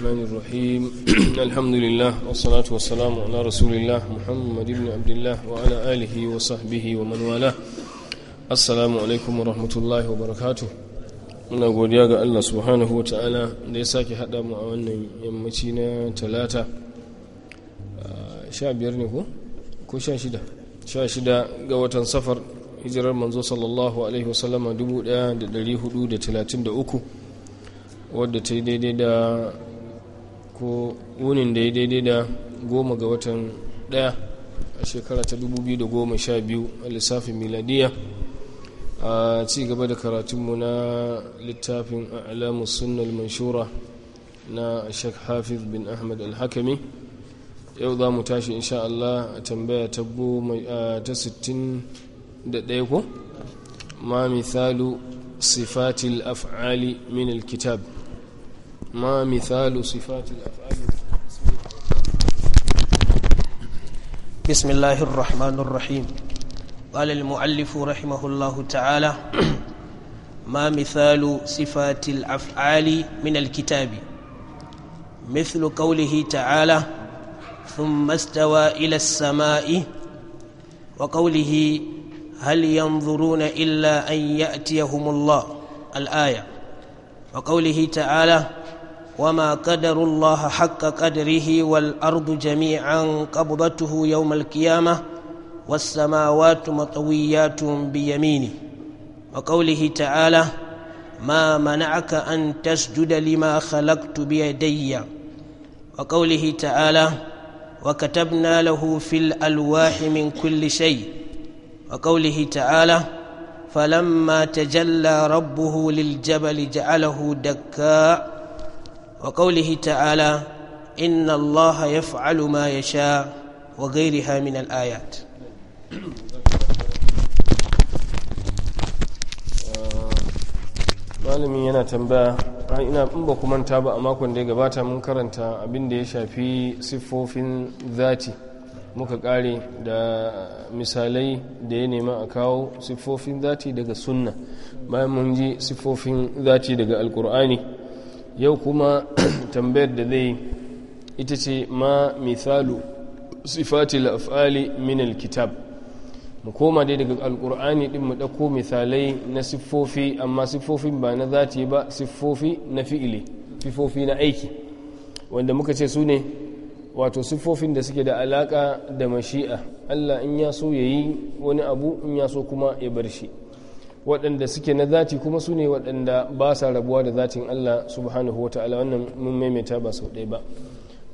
الرحمن الرحيم الحمد لله والصلاة والسلام على رسول الله محمد بن عبد الله muna godiya ga allah subhanahu wa ta'ala da ya sake haɗa mu a wannan yammaci na talata ah, sha biyar ne ko ko shida sha shida ga watan safar hijirar manzo sallallahu alaihi wasallama dubu ɗaya da ɗari hudu da talatin da uku wadda ta yi daidai da ko wunin da ya daidai da goma ga watan daya a shekara ta 2012 a lissafin miladiya a ci gaba da karatunmu na littafin alamu sunnal manshura na shek hafiz bin ahmad alhakami yau za mu tashi insha Allah a tambaya ta 61 ko ma misalu sifatil af'ali min alkitab kitab ما مثال صفات الأفعال بسم الله الرحمن الرحيم قال المؤلف رحمه الله تعالى ما مثال صفات الأفعال من الكتاب مثل قوله تعالى ثم استوى إلى السماء وقوله هل ينظرون إلا أن يأتيهم الله الآية وقوله تعالى وما قدر الله حق قدره والأرض جميعا قبضته يوم القيامة والسماوات مطويات بيمينه وقوله تعالى ما منعك أن تسجد لما خلقت بيدي وقوله تعالى وكتبنا له في الألواح من كل شيء وقوله تعالى فلما تجلى ربه للجبل جعله دكاء وقوله تعالى إن الله يفعل ما يشاء وغيرها من الآيات malami yana tambaya ina in ba ku manta ba a makon da ya gabata mun karanta abin da ya shafi siffofin zati muka kare da misalai da ya nema a kawo siffofin zati daga sunna bayan mun ji siffofin zati daga alkur'ani yau kuma tambayar da zai ita ce ma misalu sifati af'ali min alkitab mu koma dai daga alkur'ani din mu ɗauko misalai na siffofi amma siffofin ba na zati ba siffofi na fi'ili siffofi na aiki wanda muka ce su ne wato siffofin da suke da alaka da mashi'a allah in ya so ya yi wani abu in ya so kuma ya bar shi waɗanda suke na zati kuma su ne waɗanda ba sa rabuwa da zatin Allah subhanahu wa ta'ala wannan mun maimaita ba sau ɗaya ba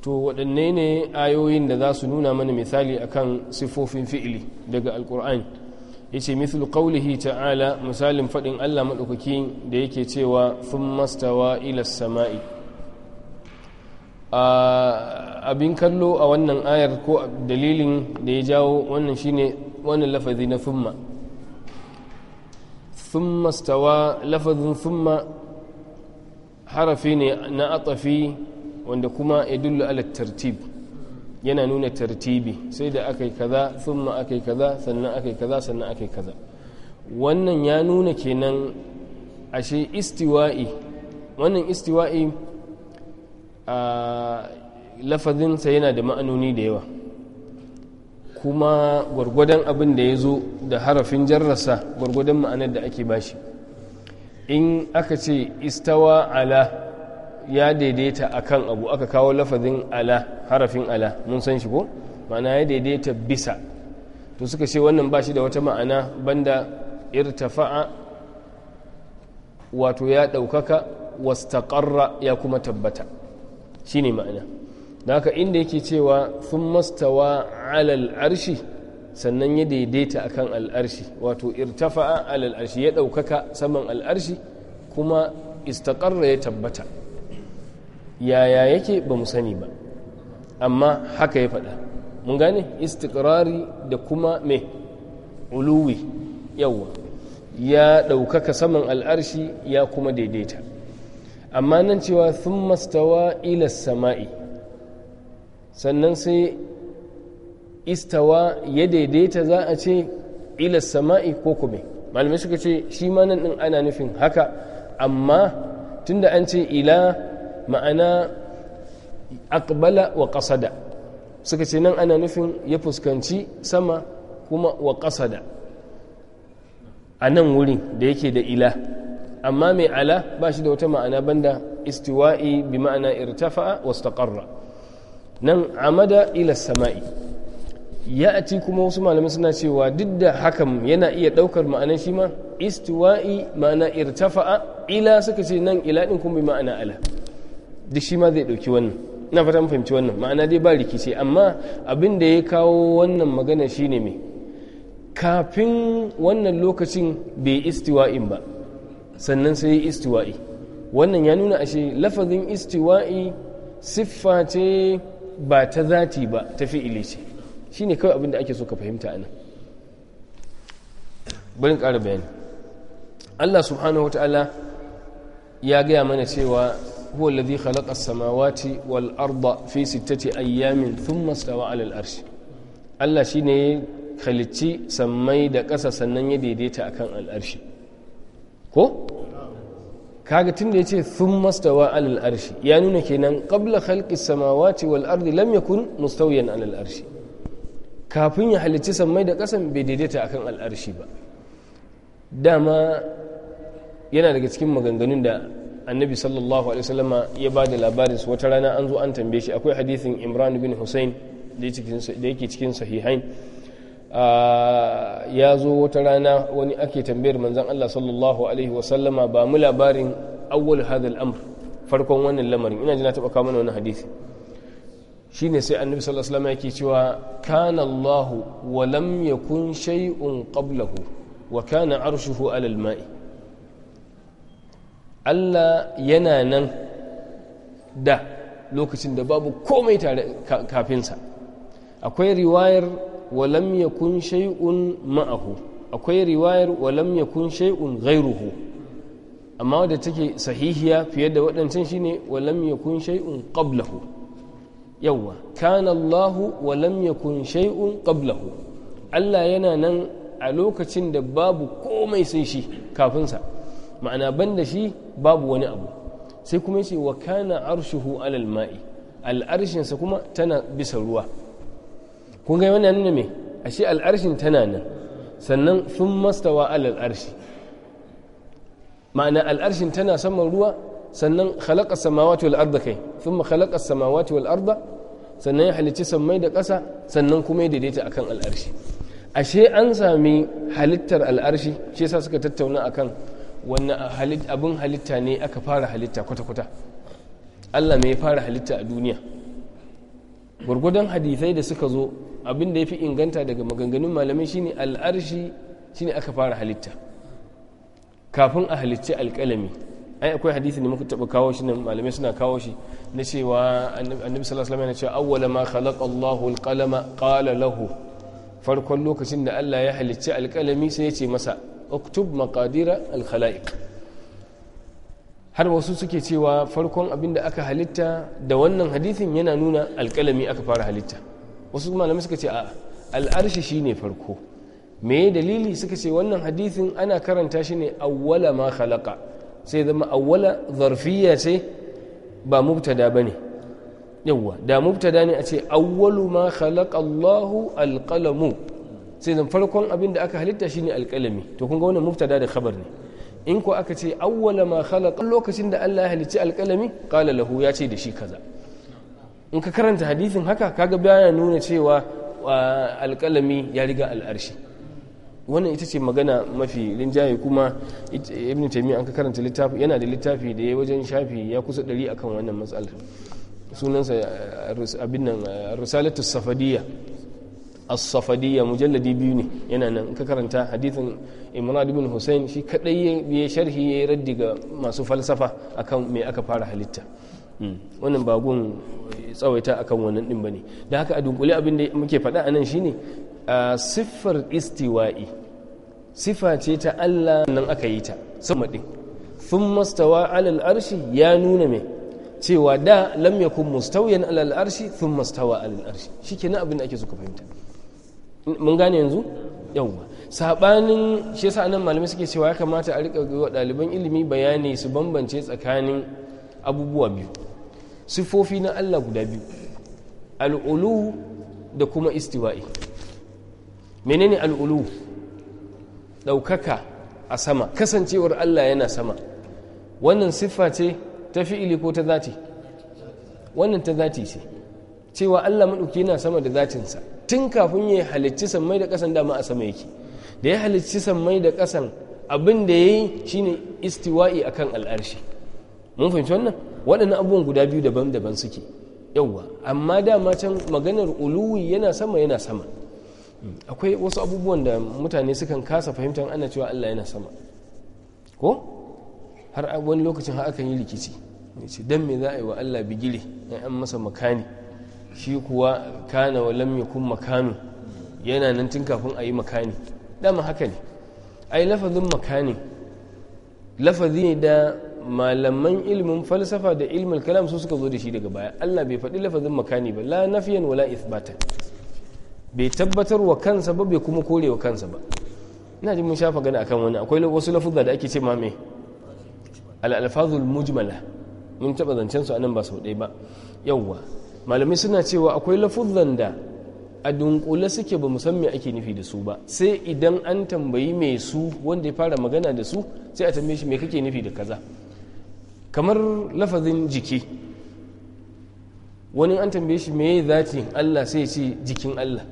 to waɗanne ne ayoyin da za su nuna mana misali akan sifofin fi'ili daga alkur'an ya ce mithlu qawlihi ta'ala misalin faɗin Allah maɗaukaki da yake cewa sun mastawa ila sama'i abin kallo a wannan ayar ko dalilin da ya jawo wannan shine wannan lafazi na fumma ثم استوى لفظ ثم harafi ne na atafi wanda kuma ya dullu ala tartib yana nuna tartibi sai da aka yi kaza thumma aka yi kaza sannan aka yi kaza sannan aka yi kaza wannan ya nuna kenan ashe istiwa'i wannan istiwa'i a yana da ma'anoni da yawa kuma gwargwadon abin da ya zo da harafin jarrasa gwargwadon ma'anar da ake bashi in aka ce istawa ala ya daidaita akan abu aka kawo lafazin ala harafin ala mun san shi ko ma'ana ya daidaita bisa to suka ce wannan ba shi da wata ma'ana banda irtafa'a wato ya ɗaukaka wastaƙarra ya kuma tabbata shi ne ma'ana haka inda yake cewa sun mastawa alal arshi sannan ya daidaita akan al'arshi wato irtafa'a alal arshi ya ɗaukaka saman al'arshi kuma istaƙarra ya tabbata yaya yake ba mu sani ba amma haka ya faɗa mun gane istikrari da kuma mai uluwi yawa ya ɗaukaka saman al'arshi ya kuma daidaita amma nan cewa sun mastawa ilas sama'i sannan sai istawa ya daidaita za a ce ilas sama'i ko kuma malamai suka ce shi ma nan ana nufin haka amma tunda an ce ila ma'ana akbala wa ƙasada suka ce nan ana nufin ya fuskanci sama kuma wa ƙasada a nan wurin da yake da ila amma mai ala ba shi da wata ma'ana banda istiwa'i bi ma'ana irtafa'a wasu taƙarra nan amada ila sama'i ya a kuma wasu malamai suna cewa duk da hakan yana iya ɗaukar ma'anar shi ma istiwa'i ma'ana irtafa'a ila suka ce nan ila ɗin kuma bi ma'ana ala duk shi ma zai ɗauki wannan na fata fahimci wannan ma'ana dai ba rikici amma abin da ya kawo wannan magana shine me kafin wannan lokacin bai istiwa'in ba sannan sai istiwa'i wannan ya nuna ashe lafazin istiwa'i siffa ce ba ta zati ba ta fi'ili ce shi ne kawai abinda ake so ka fahimta a nan ƙara bayani allah subhanahu wata'ala ya gaya mana cewa huwa alladhi khalaqa samawati wal arba fi sittati ayyamin thumma stawa 'ala al-arsh Allah shine halicci sammai da ƙasa sannan ya daidaita akan al'arshi. ko kaga tun ya ya sun mastawa alal arshi ya nuna kenan qabla khalqi samawati wal ardi lam yakun mustawiyan alal arshi kafin ya halicci sammai da kasan bai daidaita akan al arshi ba dama yana daga cikin maganganun da annabi sallallahu alaihi wasallama ya ba da labarin su wata rana an zo an tambaye shi akwai hadisin imran bin hussein da yake cikin sahihain ya zo wata rana wani ake tambayar manzan Allah sallallahu alaihi wasallama ba mu labarin awwal hadal amr farkon wannan lamarin ina ji na taɓa kawo mana wani hadisi shine sai annabi sallallahu yake cewa kana Allah wa lam yakun shay'un qablahu wa kana arshuhu ala Allah yana nan da lokacin da babu komai tare kafinsa akwai riwayar walam yakun shay'un ma'ahu akwai riwayar walam yakun shay'un ghairuhu amma wadda take sahihiya fiye da waɗancan shine walam kun shay'un qablahu yawwa kana Allah walam yakun qablahu Allah yana nan a lokacin da babu komai sai shi kafinsa ma'ana banda shi babu wani abu sai kuma yace wa kana arshuhu alal ma'i al'arshinsa kuma tana bisa ruwa kun ga wannan nuna me ashe al'arshin tana nan sannan sun mastawa alal arshi ma'ana al'arshin tana saman ruwa sannan khalaqa samawati wal arda kai ma khalaqa samawati wal arda sannan ya halicci sammai da ƙasa sannan kuma ya daidaita akan al'arshi ashe an sami halittar al'arshi shi yasa suka tattauna akan wannan abin halitta ne aka fara halitta kwata-kwata Allah mai fara halitta a duniya gwargwadon hadisai da suka zo abin da ya fi inganta daga maganganun malamai shine al'arshi shine aka fara halitta kafin a halicci alƙalami ai akwai hadisi ne muka taɓa kawo shi nan malamai suna kawo shi na cewa annabi sallallahu alaihi cewa awwala ma khalaqa Allahu alqalama qala lahu farkon lokacin da Allah ya halicci alkalami sai ya ce masa uktub maqadira alkhalaiq har wasu suke cewa farkon abinda aka halitta da wannan hadisin yana nuna Alkalami aka fara halitta wasu malamai suka ce a al'arshi shi ne farko me dalili suka ce wannan hadithin ana karanta shi ne awwala ma khalaqa sai zama awwala zarfiya ce ba mubtada bane yawwa da mubtada ne a ce awwalu ma khalaqa Allahu alqalamu sai zan farkon abin da aka halitta shine alkalami to kun ga wannan mubtada da khabar ne in ko aka ce awwala ma khalaqa lokacin da Allah ya halicci alkalami qala lahu ya ce da shi kaza in ka karanta hadisin haka kaga bayan nuna cewa alkalami ya riga al'arshi wannan ita ce magana mafi linjaye kuma ibn taimi an ka karanta littafi yana da littafi da ya wajen shafi ya kusa ɗari akan wannan matsalar sunansa abin nan risalatu safadiyya as mujalladi biyu ne yana nan ka karanta hadithin imran ibn hussein shi kadai ya sharhi ya yi raddi ga masu falsafa akan me aka fara halitta wannan ba gun tsawaita akan wannan din bane da haka a dunkule abin da muke faɗa a nan shine a siffar istiwa'i sifa ce ta Allah nan aka yi ta sama din sun mastawa alal arshi ya nuna mai cewa da lam yakun mustawiyan alal arshi sun mastawa alal arshi shikenan abin da ake so ka fahimta mun gane yanzu yawwa sabanin shi yasa nan malamai suke cewa ya kamata a riƙa wa ɗaliban ilimi bayani su bambance tsakanin abubuwa biyu sifofi na Allah guda biyu al'ulu da kuma istiwa'i menene al'ulu ɗaukaka a sama kasancewar Allah yana sama wannan siffa ce ta fi'ili ko ta zati wannan ta zati ce cewa Allah maɗauki yana sama da zatinsa tun kafin ya halicci sammai da ƙasan dama a sama yake da ya halicci sammai da ƙasan abin da ya yi shine istiwa'i akan al'arshi mun fahimci wannan waɗannan abubuwan guda biyu daban-daban suke yauwa amma dama can maganar uluwi yana sama yana sama akwai wasu abubuwan da mutane sukan kasa fahimtar ana cewa Allah yana sama ko har wani lokacin har akan yi rikici ce dan me za a yi wa Allah bigire in an masa makani shi kuwa kana wa lam kun makanu yana nan tun kafin a yi makani dama haka ne ai lafazin makani lafazi da malaman ilimin falsafa da ilmin kalam su suka zo da shi daga baya Allah bai faɗi lafazin makani ba la nafiyan wala isbatan. bai tabbatar wa kansa ba bai kuma kore wa kansa ba ina ji mun shafa gani akan wani akwai wasu lafuzza da ake ce ma al alfazul mujmala mun taba zancen su anan ba sau ɗaya ba yawwa malamai suna cewa akwai lafuzzan da a dunkule suke ba san me ake nufi da su ba sai idan an tambayi mai su wanda ya fara magana da su sai a tambaye shi me kake nufi da kaza kamar lafazin jiki wani an tambaye shi me zati Allah sai ya ce jikin Allah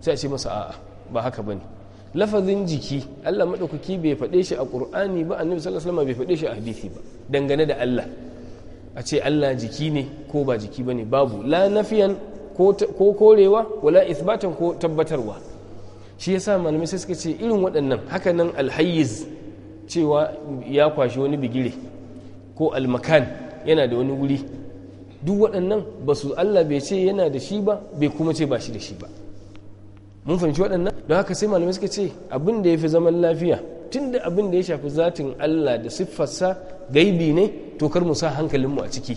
sai a ce masa a'a ba haka bane lafazin jiki Allah madaukaki bai faɗe shi a Qur'ani ba Annabi sallallahu alaihi wasallam bai faɗe shi a hadisi ba dangane da Allah a ce Allah jiki ne ko ba jiki bane babu la nafiyan ko korewa wala isbatan ko tabbatarwa shi yasa malamai sai suka ce irin waɗannan hakanan alhayyiz cewa ya kwashi wani bigire ko almakan yana da wani wuri duk waɗannan ba su Allah bai ce yana da shi ba bai kuma ce ba shi da shi ba mun fahimci waɗannan don haka sai malamai suka ce abin da ya fi zaman lafiya tun da abin da ya shafi zatin Allah da siffarsa gaibi ne to kar mu sa hankalinmu a ciki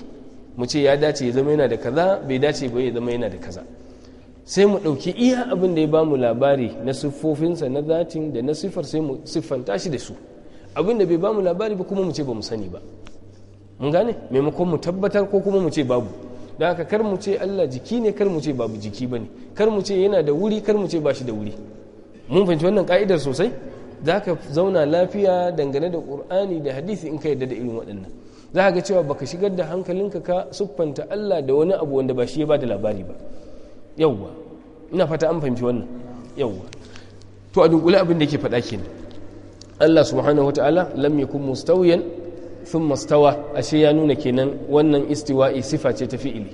mu ce ya dace ya zama yana da kaza bai dace ba ya zama yana da kaza sai mu ɗauki iya abin da ya ba mu labari na siffofinsa na zatin da na siffar sai mu siffanta shi da su abin da bai ba mu labari ba kuma mu ce ba mu sani ba mun gane maimakon mu tabbatar ko kuma mu ce babu don haka kar mu ce Allah jiki ne kar mu ce babu jiki bane kar mu ce yana da wuri kar mu ce ba da wuri mun fahimci wannan ka'idar sosai za ka zauna lafiya dangane da ƙur'ani da hadisi in ka yarda da irin waɗannan za ka ga cewa baka shigar da hankalinka ka siffanta Allah da wani abu wanda ba shi ya ba da labari ba yauwa ina fata an fahimci wannan yauwa to a dunkule abin da yake faɗa kenan Allah subhanahu wataala lam yakun mustawiyan sun mastawa ashe ya nuna kenan wannan istiwa'i sifa ce ta fi'ili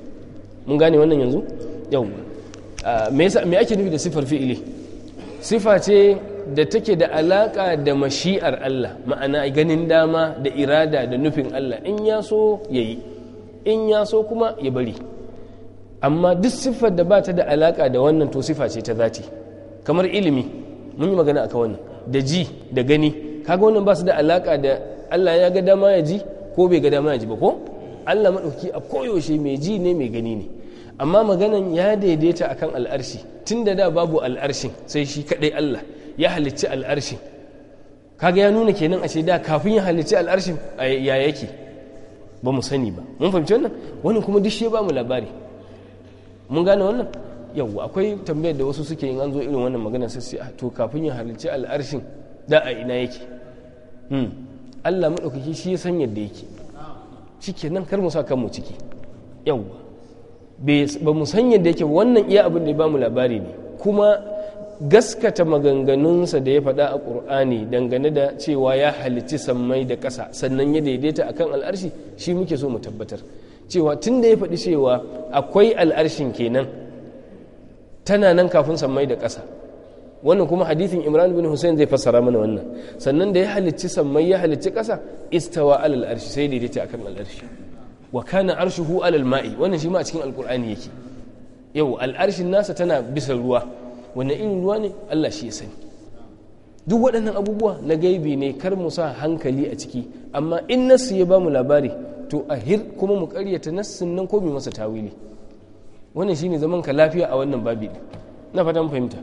mun gane wannan yanzu yau ah, me ake nufi da sifar fi'ili sifa ce da take da alaka da mashi'ar Allah ma'ana ganin dama da irada da nufin Allah in ya so ya yi in ya so kuma ya bari amma duk siffar da ba ta da alaka da wannan to sifa ce ta zati kamar ilimi mun yi magana a wannan da ji da gani kaga wannan ba su da alaka da Allah ya ga dama ya ji ko bai ga dama ya ji ba ko Allah maɗauki a koyaushe mai ji ne mai gani ne amma maganan ya daidaita akan al'arshi tun da da babu al'arshin sai shi kaɗai Allah ya halicci al'arshin kaga ya nuna kenan a da kafin ya halicci al'arshin ya yake ba mu sani ba mun fahimci wannan wani kuma duk shi ba mu labari mun gane wannan yau akwai tambayar da wasu suke yin an zo irin wannan magana sai ah, to kafin ya halicci al'arshin da a ina yake hmm. Allah maɗaukaki shi ya san yadda yake cike nan kar mu sa kanmu ciki yawwa ba mu san yadda yake wannan iya abin da ya ba mu labari ne kuma gaskata maganganunsa da ya faɗa a ƙur'ani dangane da cewa ya halicci samai da ƙasa sannan ya daidaita akan al'arshi shi muke so mu tabbatar cewa tun da ya faɗi cewa akwai al'arshin kenan tana nan kafin sammai da ƙasa wannan kuma hadithin imran bin hussein zai fassara mana wannan sannan da ya halicci sammai ya halicci ƙasa istawa alal arshi sai daidaita akan al arshi wa kana arshuhu alal ma'i wannan shi ma a cikin alqur'ani yake yau al arshin nasa tana bisa ruwa wannan irin ruwa ne Allah shi ya sani duk waɗannan abubuwa na gaibi ne kar mu sa hankali a ciki amma in nassi ya bamu labari to a hir kuma mu karyata nassin nan ko masa tawili wannan shine zaman ka lafiya a wannan babi na fatan fahimta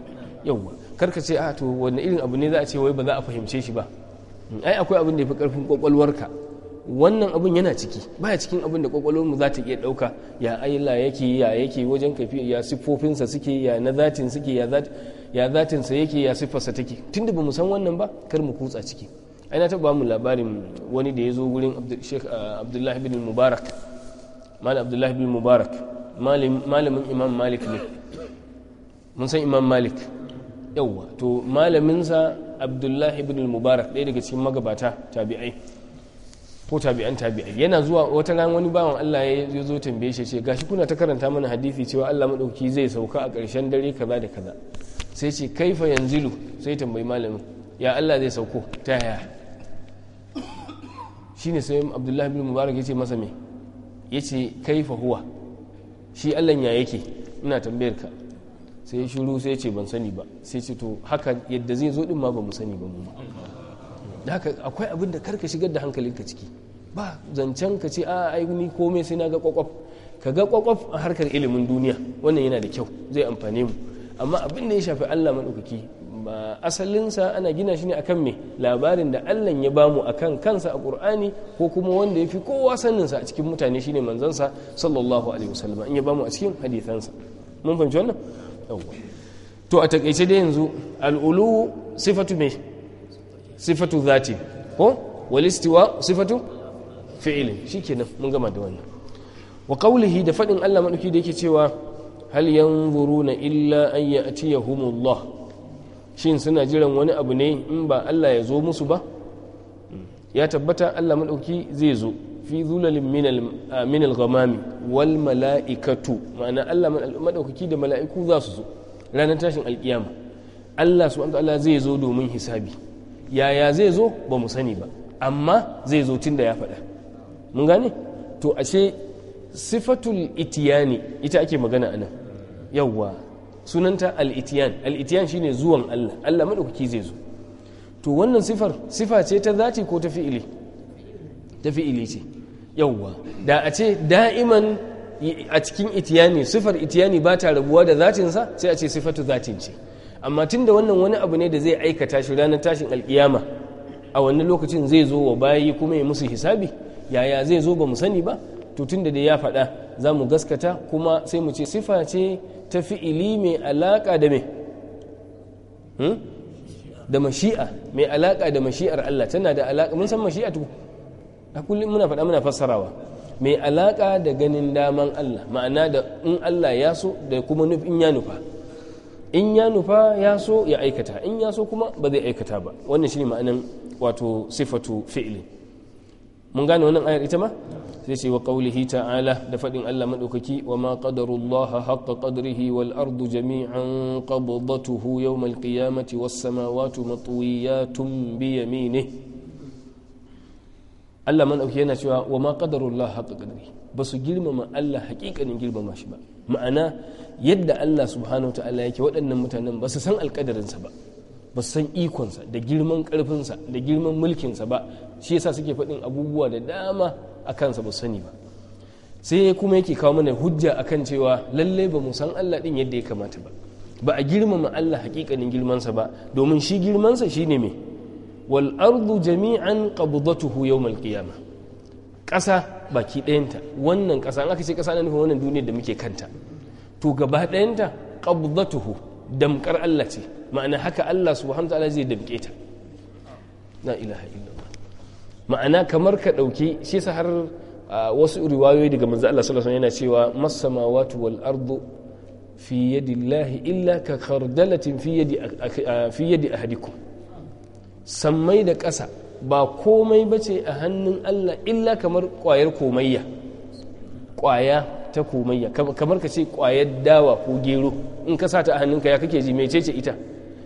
yauwa karka ce a ah, to wanne irin abu ne za a ce wai ba za a fahimce shi ba ai akwai abin da ya fi karfin kwakwalwarka wannan abun yana ciki baya cikin abin da kwakwalwarmu za ta iya ɗauka ya aila yake ya yake wajen kafi ya siffofinsa suke ya na zatin suke ya zatinsa yake ya siffarsa take tunda ba mu san wannan ba kar mu kutsa ciki ai na taɓa ba mu labarin wani da ya zo gurin sheikh ah, abdullahi bin mubarak malam abdullahi bin mubarak malamin imam malik ne mun san imam malik yauwa to malaminsa abdullahi ibn mubarak ɗaya daga cikin magabata tabi'ai ko tabi'an tabi'ai yana zuwa wata ran wani bawan Allah ya zo tambaye shi ce gashi kuna ta karanta mana hadisi cewa Allah madauki zai sauka a ƙarshen dare kaza da kaza sai ce kaifa yanzilu sai tambayi malamin ya Allah zai sauko ta yaya shine sai Abdullahi ibn Mubarak yace masa me yace kaifa huwa shi Allah ya yake ina tambayar ka sai shuru sai ce ban sani ba sai ce to haka yadda zai zo din ma ba mu sani ba mu da haka akwai abin da karka shigar da hankalinka ciki ba zancen ka ce a ai ni komai sai na ga kwakwaf ka ga kwakwaf a harkar ilimin duniya wannan yana da kyau zai amfane mu amma abin da ya shafi Allah maɗaukaki ba asalinsa ana gina shi ne akan me labarin da Allah ya bamu akan kansa a Qur'ani ko kuma wanda ya fi kowa sa a cikin mutane shine manzansa sallallahu alaihi wasallam in ya bamu a cikin hadisansa mun fahimci wannan yawwa to a takaice da yanzu al'ulu sifatu me sifatu zati ko walistiwa sifatu fi'ilin shikenan mun gama da wannan wa qawlihi da faɗin Allah madauki da yake cewa hal na illa an ya'tiyahumullah shin suna jiran wani abu ne in ba Allah ya zo musu ba hmm. ya tabbata Allah madauki zai zo fi zulalin min al-ghamami ah, wal mala'ikatu ma'ana Allah madaukaki da mala'iku za su zo ranar tashin alkiyama Allah subhanahu ta'ala zai zo domin hisabi yaya zai zo ba mu sani ba amma zai zo tunda ya faɗa mun gane to ashe sifatul itiyani ita ake magana anan yawwa sunanta al-itiyan al-itiyan shine zuwan Allah Allah madaukaki zai zo to wannan sifar sifa ce ta zati ko ta fi'ili ta fi'ili ce yauwa da a ce da'iman a cikin itiyani sifar itiyani ba ta rabuwa da zatinsa sai a ce sifatu zatin ce amma tun da wannan wani abu ne da zai aikata shi ranar tashin alkiyama a wannan lokacin zai zo wa bayi kuma ya musu hisabi yaya zai zo ba mu sani ba to tun da ya faɗa za mu gaskata kuma sai mu ce sifa ce ta fi'ili mai alaƙa da me hmm? da mashi'a mai alaƙa da mashi'ar Allah tana da alaƙa mun san mashi'a a kullum muna faɗa muna fassarawa mai alaƙa da ganin daman Allah ma'ana da in Allah ya so da kuma in ya nufa in ya nufa ya so ya aikata in ya so kuma ba zai aikata ba wannan shine ma'anan wato sifatu fi'ili mun gane wannan ayar ita ma sai ce wa qaulihi ta'ala da faɗin Allah madaukaki wa ma qadarullaha haqqa qadrihi wal ardu jami'an qabdatuhu yawm al qiyamati was samawati matwiyatun bi yaminihi Allah man dauke yana cewa wa ma Allah haƙa qadri ba su girmama Allah haƙiƙanin girmama shi ba ma'ana yadda Allah subhanahu ta'ala yake waɗannan mutanen ba su san alƙadarinsa ba ba su san ikonsa da girman ƙarfinsa da girman mulkinsa ba shi yasa suke faɗin abubuwa da dama a kansa ba su sani ba sai kuma yake kawo mana hujja akan cewa lalle ba mu san Allah din yadda ya kamata ba ba a girmama Allah haƙiƙanin girmansa ba domin shi girmansa shine me wal ardu jami'an qabdatuhu yawmal ƙasa baki ɗayanta wannan ƙasa an aka ce ƙasa na nufin wannan duniyar da muke kanta to gaba ɗayanta qabdatuhu damkar Allah ce ma'ana haka Allah subhanahu ta'ala zai damke ta la ilaha illallah ma'ana kamar ka ɗauki shi sa har wasu riwayoyi daga manzo Allah sallallahu alaihi wasallam yana cewa masamawatu wal ardu fi yadi illa ka khardalatin fi yadi fi yadi ahadikum sammai da ƙasa ba komai ba ce a hannun Allah illa kamar ƙwayar komayya ƙwaya ta komayya kamar ka ce ƙwayar dawa ko gero in ka sa ta a hannunka ya kake ji mecece ita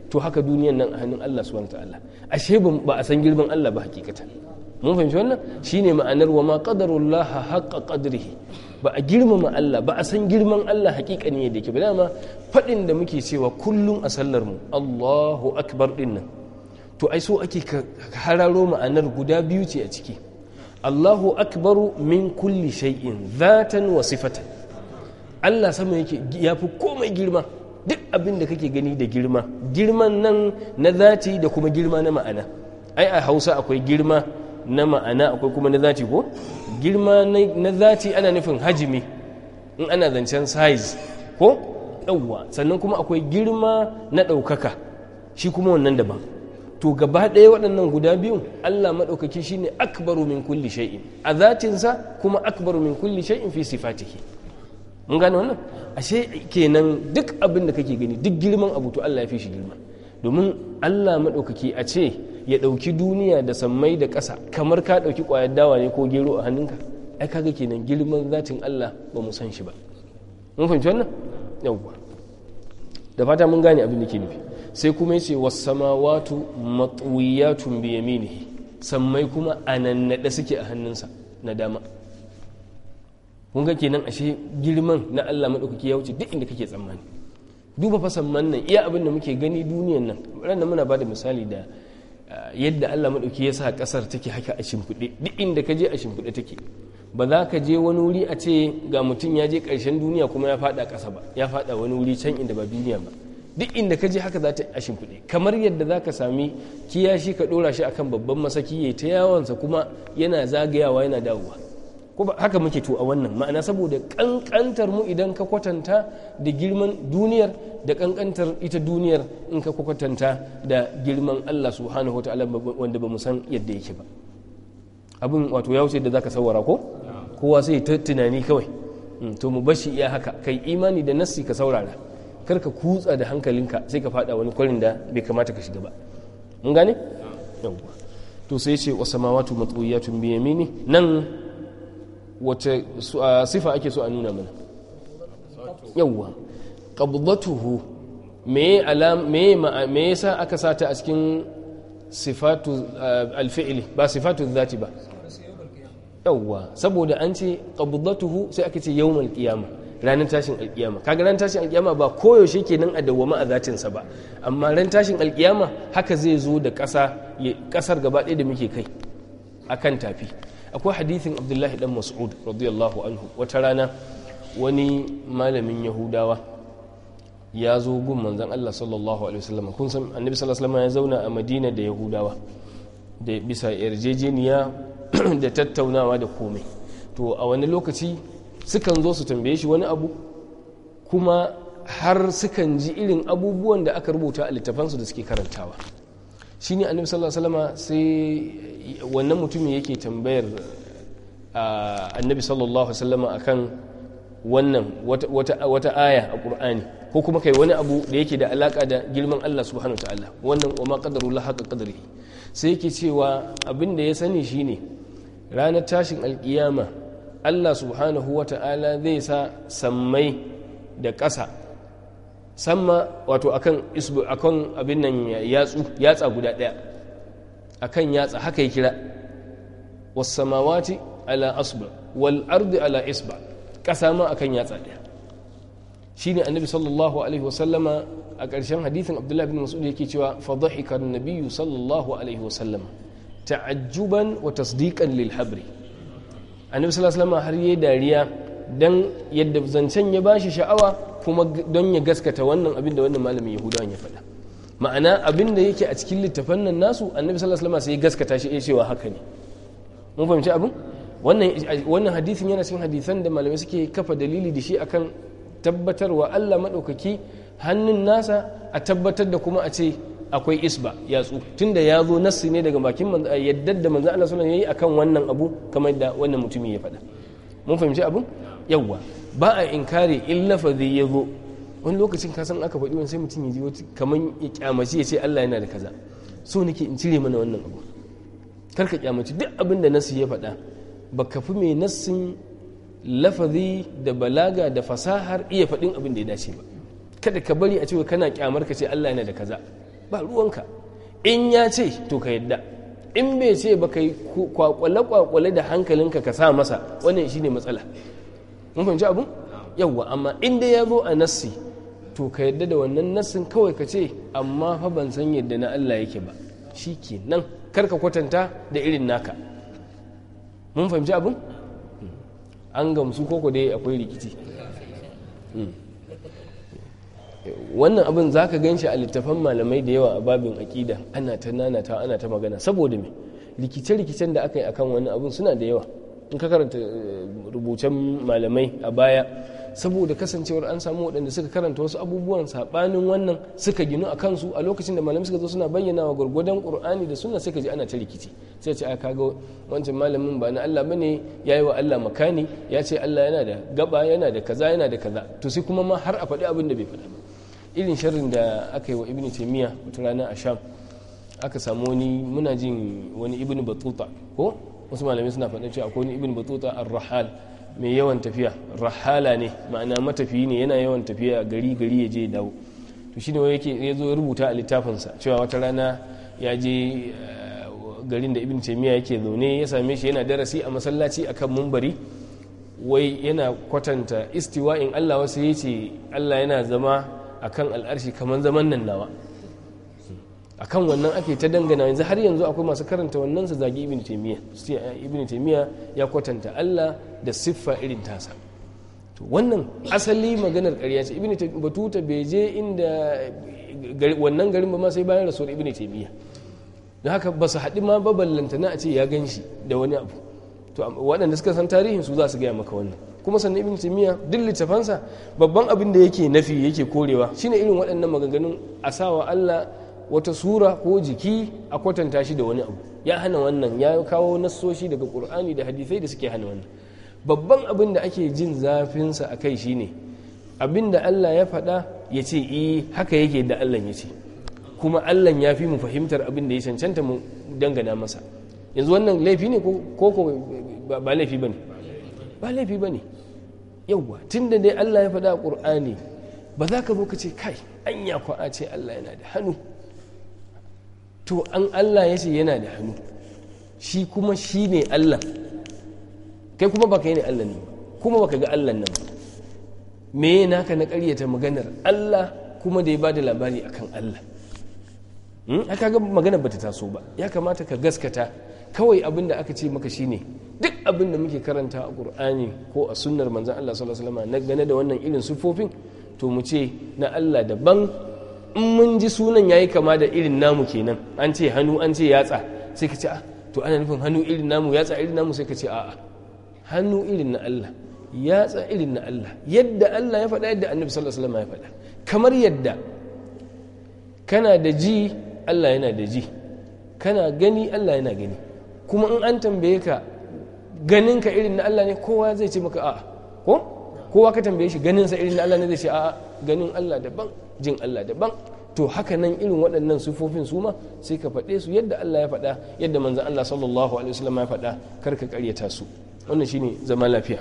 to haka duniyan nan a hannun Allah subhanahu ta'ala ashe ba a san girman Allah ba hakikatan mun fahimci wannan shine ma'anar wa ma qadarullah haqqa qadrihi ba a girmama Allah ba a san girman Allah hakikani yadda yake ba dama fadin da muke cewa kullum a sallar mu Allahu akbar dinnan to ai so ake hararo ma'anar guda biyu ce a ciki Allahu akbaru min kulli shay'in zatan wa sifatan Allah sama yake fi komai girma duk abin da kake gani da girma girman nan na zati da kuma girma na ma'ana ai a Hausa akwai girma na ma'ana akwai kuma na zati ko girma na zati ana nufin hajimi in ana zancen size ko yawwa sannan kuma akwai girma na ɗaukaka shi kuma wannan daban to gaba ɗaya waɗannan guda biyun Allah maɗaukaki shi shine akbaru min kulli shay'in a zatinsa kuma akbaru min kulli shay'in fi sifatihi mun gane wannan ashe kenan duk abin da kake gani duk girman abu to Allah ya fi shi girma domin Allah maɗaukaki a ce ya ɗauki duniya da sammai da ƙasa kamar ka ɗauki ƙwayar dawa ne ko gero a hannunka ai kaga kenan girman zatin Allah ba mu san shi ba mun fahimci wannan yawwa da fata mun gane abin da ke nufi sai kuma yace was samawatu matwiyatun bi yaminihi sammai kuma anannade suke a hannunsa na dama kun ga kenan ashe girman na Allah madaukaki ya wuce duk inda kake tsammani duba fa samman nan iya abin da muke gani duniyan nan ranar muna bada misali da yadda Allah maɗauki ya sa ƙasar take haka a shimfiɗe duk inda ka je a shimfiɗe take ba za ka je wani wuri a ce ga mutum ya je ƙarshen duniya kuma ya faɗa ƙasa ba ya faɗa wani wuri can inda ba duniya ba duk inda ka je haka za ta ashin kuɗi kamar yadda za ka sami kiyashi ka ɗora shi akan babban masaki ya ta yawonsa kuma yana zagayawa yana dawowa ko haka muke to a wannan ma'ana saboda ƙanƙantar mu idan ka kwatanta da girman duniyar da ƙanƙantar ita duniyar in ka kwatanta da girman allah subhanahu wa ta'ala wanda ba mu san yadda yake ba abin wato ya wuce da za sawara ko kowa sai ta tunani kawai hmm, to mu bashi iya haka kai imani da nassi ka saurara karka kutsa da hankalinka sai ka fada wani kwarin da bai kamata ka shiga ba mun gane yawwa to sai ce wa samawatu matsuwiyatun bi yamini nan wace sifa ake so a nuna mana yawwa qabdatuhu me alam me yasa aka sata a cikin sifatu alfi'li ba sifatu dhati ba yawwa saboda an ce qabdatuhu sai aka ce yawmal qiyamah ranar tashin alkiyama kaga ran tashin alkiyama ba koyaushe ke nan a dawwama a zatinsa ba amma ran tashin alkiyama haka zai zo da ƙasa ƙasar gaba ɗaya da muke kai A kan tafi akwai hadithin abdullahi dan mas'ud radiyallahu anhu wata rana wani malamin yahudawa ya zo gun manzan Allah sallallahu alaihi wasallam kun san annabi sallallahu alaihi wasallam ya zauna a madina da yahudawa da bisa yarjejeniya da tattaunawa da komai to a wani lokaci sukan zo su tambaye shi wani abu kuma har sukan ji irin abubuwan da aka rubuta a littafansu da suke karantawa shi ne annabi sallallahu alaihi wasallama sai wannan mutumin yake tambayar annabi sallallahu alaihi wasallama akan wannan wata aya a ƙur'ani ko kuma kai wani abu da yake da alaƙa da girman Allah subhanahu ta'ala wannan wa ma qadarullah haqa sai yake cewa abin da ya sani shine ranar tashin alƙiyama allah subhanahu wa ta'ala zai sa sammai da ƙasa sama wato akan isbu akan abin nan yatsu yatsa guda ɗaya akan yatsa haka ya kira wasamawati ala asba wal ardi ala isba ƙasa ma akan yatsa ɗaya ne annabi sallallahu alaihi wasallama a ƙarshen hadithin abdullahi bin mas'ud yake cewa fa dhahika an sallallahu alaihi wasallama ta'ajjuban wa tasdiqan lil habri annabi sallallahu har yayi dariya dan yadda zancen ya bashi sha'awa kuma don ya gaskata wannan abin da wannan malamin yahudawan ya faɗa ma'ana abin da yake a cikin littafan nan nasu annabi sallallahu alaihi sai ya gaskata shi ya cewa haka ne mun fahimci abin wannan wannan hadisin yana cikin hadisan da malamai suke kafa dalili da shi akan tabbatarwa Allah madaukaki hannun nasa a tabbatar da kuma a ce akwai isba ya tun tunda ya zo nassi ne daga bakin yadda da manzo Allah sallallahu alaihi akan wannan abu kamar da wannan mutumin ya faɗa mun fahimci abun yawwa ba a inkari in fa ya zo wani lokacin ka san aka faɗi wani sai mutum ya ji wata kamar ya kyamaci ya ce Allah yana da kaza so nake in cire mana wannan abu kar ka kyamaci duk abin da nassi ya faɗa ba ka fi mai nassin lafazi da balaga da fasahar iya faɗin abin da ya dace ba kada ka bari a cewa kana kyamar ka ce Allah yana da kaza ba ruwanka in ya ce to ka yadda in bai ce ba ka yi kwakwale-kwakwale da hankalinka ka sa masa wannan ne matsala mun fahimci abun yawwa amma in ya zo a nassi to ka yadda da wannan nassin kawai ka ce amma fa ban san yadda na Allah yake ba shi ke nan karka kwatanta da irin naka mun fahimci abin hmm. an gamsu koko dai akwai rikici hmm. wannan abin za ka gan shi a littafan malamai da yawa a babin aƙida ana ta nanata ana ta magana saboda me rikice-rikicen da aka yi akan wani abin suna da yawa in ka karanta eh, rubucen malamai a baya saboda kasancewar an samu waɗanda suka karanta wasu abubuwan saɓanin wannan suka ginu a kansu a lokacin da malamai suka zo suna bayyana wa gwargwadon ƙur'ani da suna suka ji ana ta rikici sai ce a kaga wancan malamin ba na Allah ne ya yi wa Allah makani ya ce Allah yana da gaba yana da kaza yana da kaza to sai kuma ma har a faɗi abin da bai faɗa ba irin sharrin da aka yi wa ibn taimiyya wata rana a sham aka samu wani muna jin wani ibn batuta ko wasu malamai suna faɗin cewa akwai wani ibn batuta a rahal mai yawan tafiya rahala ne ma'ana matafiyi ne yana yawan tafiya gari gari ya je ya dawo to shine wai yake ya zo rubuta a littafinsa cewa wata rana ya je eh, garin da ibn taimiyya yake zaune ya same shi yana darasi a masallaci akan mumbari wai yana kwatanta istiwa in Allah wasu ya ce Allah yana zama akan al'arshi kamar zaman nan nawa a kan wannan ake ta dangana yanzu har yanzu akwai masu karanta wannan su zagi ibn ce ibn taimiyya ya kwatanta Allah da siffa irin tasa to wannan asali maganar karya ce ibn batuta bai je inda wannan garin ba ma sai bayan rasuwar ibn taimiyya don haka ba su haɗi ma baballanta na a ce ya gan shi da wani abu to waɗanda suka san tarihin su za su gaya maka wannan kuma sannan ibn timiya duk littafansa babban abin da yake nafi yake korewa shine irin waɗannan maganganun a sawa Allah wata sura ko jiki a kwatanta shi da wani abu ya hana wannan ya kawo nassoshi daga qur'ani da hadisai da suke hana wannan babban abin da ake jin zafinsa a kai shine abin da Allah ya faɗa ya ce eh haka yake da Allah ya ce kuma Allah ya fi mu fahimtar abin da ya cancanta mu dangana masa yanzu wannan laifi ne ko ba laifi bane ba laifi bane yauwa da dai Allah ya faɗa a ƙur'ani ba za ka zo ka ce kai anya kwa a ce Allah yana da hannu to an Allah ya ce yana da hannu shi kuma shi ne Allah kai kuma ba ka yi ne Allah ne kuma ba ka ga Allah nan Me me naka na ƙaryata maganar Allah kuma da ya ba da labari akan Allah haka hmm? ga magana bata taso ba ya kamata ka gaskata kawai abin da aka ce maka shi ne. duk abin da muke karanta a ƙur'ani ko a sunnar manzan Allah sallallahu alaihi wasallam na gane da wannan irin sufofin to mu ce na Allah daban in mun ji sunan yayi kama da irin namu kenan an ce hannu an ce yatsa sai ka ce a ah, to ana nufin hannu irin namu yatsa irin namu sai ka ce a'a hannu irin na Allah yatsa irin na Allah yadda Allah ya faɗa yadda annabi sallallahu alaihi wasallam ya faɗa kamar yadda kana da ji Allah yana da ji kana gani Allah yana gani kuma in an tambaye ka ganin ka irin na Allah ne kowa zai ce maka a'a ko kowa ka tambaye shi ganin sa irin na Allah ne zai ce a'a ganin Allah daban jin Allah daban to haka nan irin waɗannan sufofin suma sai ka faɗe su yadda Allah ya faɗa yadda manzon Allah sallallahu alaihi wasallam ya faɗa kar ka ƙaryata su wannan shine zama lafiya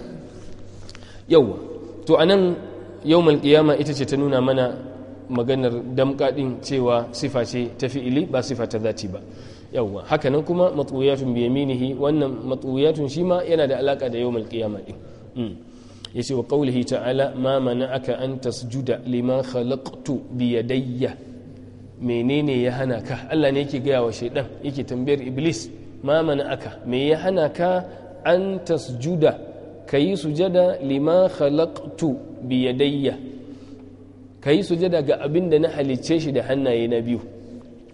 yawa to anan yawmal qiyama ita ce ta nuna mana maganar damƙaɗin cewa sifa ce ta fi'ili ba sifa ta zati ba yawwa hakanan kuma matsuyatun bi yaminihi wannan matsuyatun shi ma yana da alaka da yawmal qiyama din mm. yace wa ta'ala ma mana'aka an tasjuda liman khalaqtu bi yadayya menene ya hana ka Allah ne yake gaya wa shaidan yake tambayar iblis ma mana'aka me ya hana ka an tasjuda kayi sujada liman khalaqtu bi yadayya kayi sujada ga abin da na halicce shi da hannaye na biyu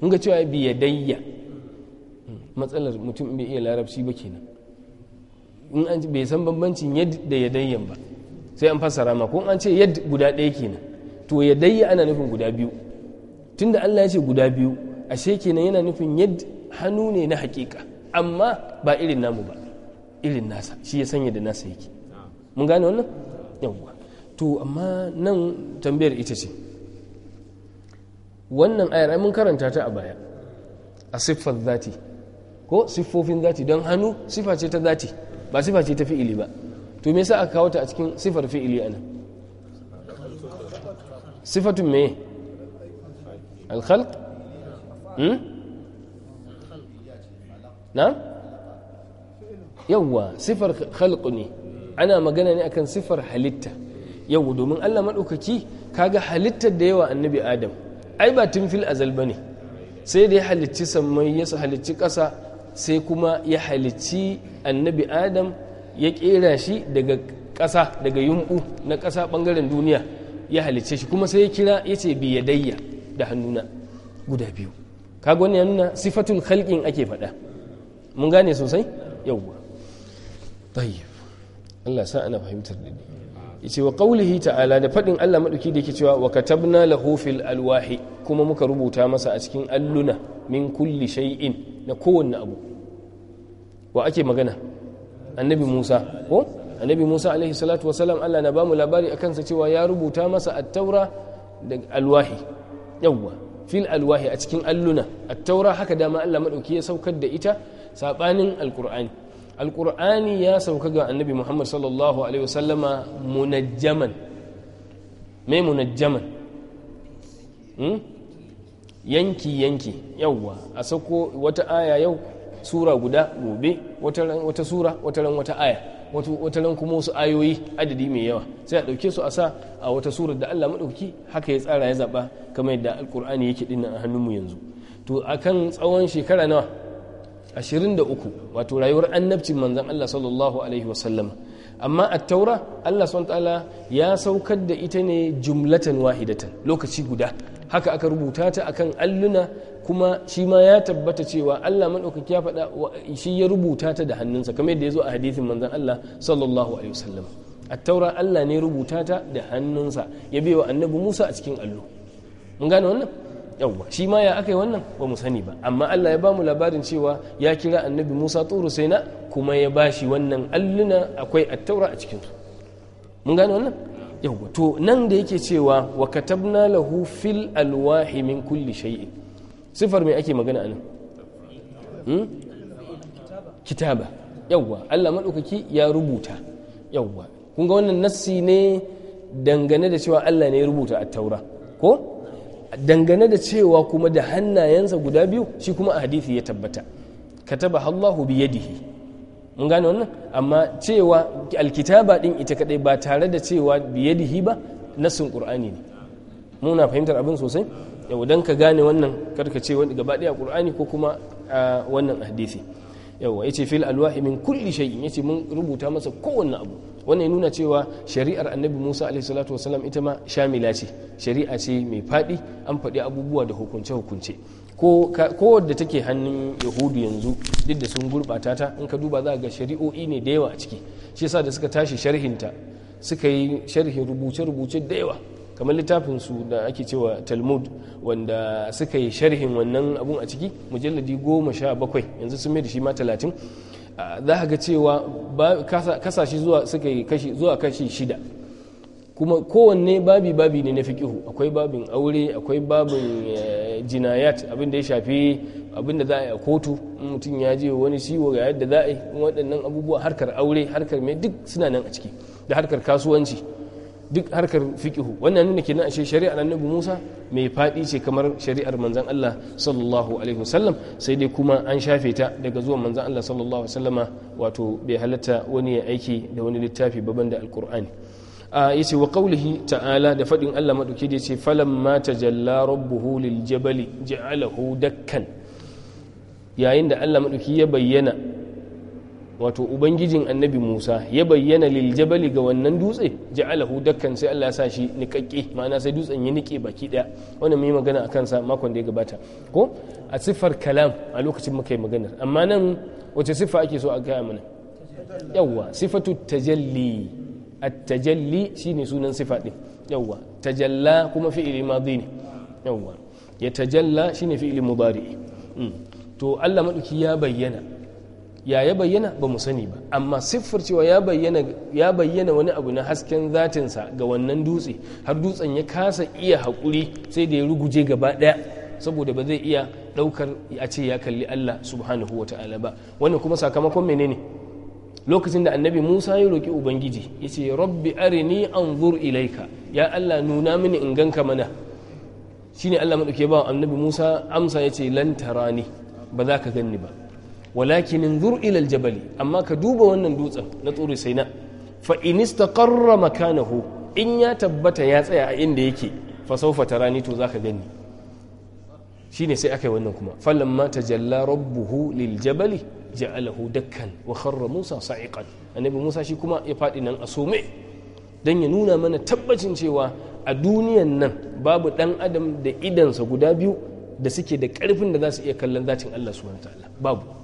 mun ga cewa biyadayya. matsalar mutum bai iya larabci ba kenan in an bai san bambancin yadda ya yadayyan ba sai an fassara ma ko an ce yadda guda ɗaya kenan to ya yadayya ana nufin guda biyu tunda Allah ya ce guda biyu ashe kenan yana nufin yadda hannu ne na hakika amma ba irin namu ba irin nasa shi ya sanya da nasa yake mun gane wannan yawwa to amma nan tambayar ita ce wannan ayar mun karanta ta a baya a siffar zati ko siffofin zati don hannu sifa ce ta zati ba sifa ce ta fi'ili ba to me yasa aka kawo ta a cikin sifar fi'ili ana sifatun me alkhalq hmm? na yawwa sifar khalq ne ana magana ne akan sifar halitta yau domin Allah maɗaukaki kaga halittar da yawa annabi Adam ai ba tun fil azal bane sai dai ya halicci sammai ya halicci ƙasa sai kuma ya halicci annabi adam ya kera shi daga ƙasa daga yumɓu na ƙasa ɓangaren duniya ya halicce shi kuma sai ya kira ya ce biyadayya da hannuna guda biyu kaga wani hannuna sifatun halkin ake faɗa mun gane sosai yauwa tayyib Allah sa ana fahimtar da ni yace wa qawlihi ta'ala da fadin Allah madauki da yake cewa wa katabna lahu fil alwahi kuma muka rubuta masa a cikin alluna min kulli shay'in na kowanne abu wa ake magana annabi Musa ko annabi Musa alaihi salatu Allah na bamu labari akan sa cewa ya rubuta masa at-taura da alwahi yawwa fil alwahi a cikin alluna at-taura haka dama Allah madauki ya saukar da ita sabanin alqur'ani alƙur'ani ya sauka ga annabi muhammad sallallahu alaihi wasallama munajjaman mai munajjaman hmm? yanki yanki yauwa a sako wata aya yau sura guda gobe wata sura wata ran wata aya wata ran kuma wasu ayoyi adadi mai yawa sai a ɗauke su a sa a wata sura da allah maɗauki haka ya tsara ya zaɓa kamar yadda alƙur'ani yake ɗin a hannunmu yanzu to akan tsawon shekara nawa 23 wato rayuwar annabcin manzan Allah sallallahu alaihi wasallam amma a taura Allah subhanahu ta'ala ya saukar da ita ne jumlatan wahidatan lokaci guda haka aka rubuta ta akan alluna kuma shi ma ya tabbata cewa Allah madaukaki ya faɗa shi ya rubuta ta da hannunsa kamar yadda ya zo a hadithin manzan Allah sallallahu alaihi wasallam taura Allah ne rubuta ta da hannunsa ya bai wa annabi Musa a cikin allo mun gane wannan yawwa shi ma ya aka yi wannan ba mu sani ba amma Allah ya ba mu labarin cewa ya kira annabi Musa tsoro sai na kuma ya ba shi wannan alluna akwai attaura a cikinsu mun gane wannan yawwa to nan da yake cewa wa katabna lahu fil alwahi min kulli shay'in sifar mai ake magana anan hmm? kitaba yawwa Allah madaukaki ya rubuta yawwa kun ga wannan nassi ne dangane da cewa Allah ne ya rubuta attaura ko dangane da cewa kuma da hannayensa guda biyu shi kuma a hadisi ya tabbata kataba Allahu bi yadihi mun gane wannan amma cewa alkitaba din ita kadai ba tare da cewa bi yadihi ba nasin qur'ani ne muna fahimtar abin sosai yau dan ka gane wannan karka ce wani gaba daya qur'ani ko kuma wannan hadisi yawa yace fil alwahi min kulli shay'in yace mun rubuta masa kowanne abu wannan ya nuna cewa shari'ar annabi musa alaihissalatu ita ma shamila ce shari'a ce mai faɗi an faɗi abubuwa da hukunce-hukunce ko wadda take hannun yahudu yanzu duk da sun gurɓata ta in ka duba za ga shari'o'i ne da yawa a ciki shi yasa da suka tashi sharhinta suka yi sharhin rubuce-rubuce da yawa kamar littafin su da ake cewa talmud wanda suka yi sharhin wannan abun a ciki mujalladi goma sha bakwai yanzu sun mai da shi ma talatin za ka ga cewa kasashe zuwa suka yi kashi zuwa kashi shida kuma kowanne babi babi ne na fiqihu akwai babin aure akwai babin eh, jinayat abin ya shafi abinda za a yi a kotu mutum ya je wani ciwo ga yadda za a yi waɗannan abubuwa harkar aure harkar mai duk suna nan a ciki da harkar kasuwanci duk harkar fiqihu wannan nuna kenan ashe shari'ar annabi Musa mai fadi ce kamar shari'ar manzon Allah sallallahu alaihi wasallam sai dai kuma an shafe ta daga zuwan manzon Allah sallallahu alaihi wasallama wato bai halatta wani ya aiki da wani littafi baban da alqur'ani yace wa qawlihi ta'ala da fadin Allah madauki da yace ma tajalla rabbuhu lil jabali ja'alahu dakkan yayin da Allah madauki ya bayyana wato ubangijin annabi musa ya bayyana liljabali ga wannan dutse alahu dakkan sai allah sa shi niƙaƙƙe ma'ana sai dutsen ya niƙe baki ɗaya wannan mai magana a kansa makon da ya gabata ko a siffar kalam a lokacin muka yi maganar amma nan wace siffa ake so a gaya mana yawwa sifatu tajalli at-tajalli shine sunan sifa din yawwa tajalla kuma fi'ili madi ne yawwa ya tajalla shine fi'ili mudari hmm. to allah maduki ya bayyana ya ya bayyana ba mu sani ba amma siffar cewa ya bayyana wani abu na hasken zatinsa ga wannan dutse har dutsen ya kasa iya haƙuri sai da ya ruguje gaba ɗaya saboda ba zai iya ɗaukar a ce ya kalli Allah subhanahu wa ta'ala ba wannan kuma sakamakon menene lokacin da annabi Musa ya roƙi ubangiji ya ce rabbi arini anzur ilaika ya Allah nuna mini in ganka mana shine Allah madauke ba annabi Musa amsa ya ce lan tarani ba za ka gani ba walakin zuri ila aljabali amma ka duba wannan dutsen na tsuri sai na fa in istaqarra makanahu in ya tabbata ya tsaya a inda yake fa sawfa tarani to zaka gani shine sai aka yi wannan kuma falamma tajalla rabbuhu lil jabali ja'alahu dakkan wa kharra musa sa'iqan annabi musa shi kuma ya fadi nan a sume dan ya nuna mana tabbacin cewa a duniyan nan babu dan adam da idansa guda biyu da suke da karfin da za su iya kallon zatin Allah subhanahu wa babu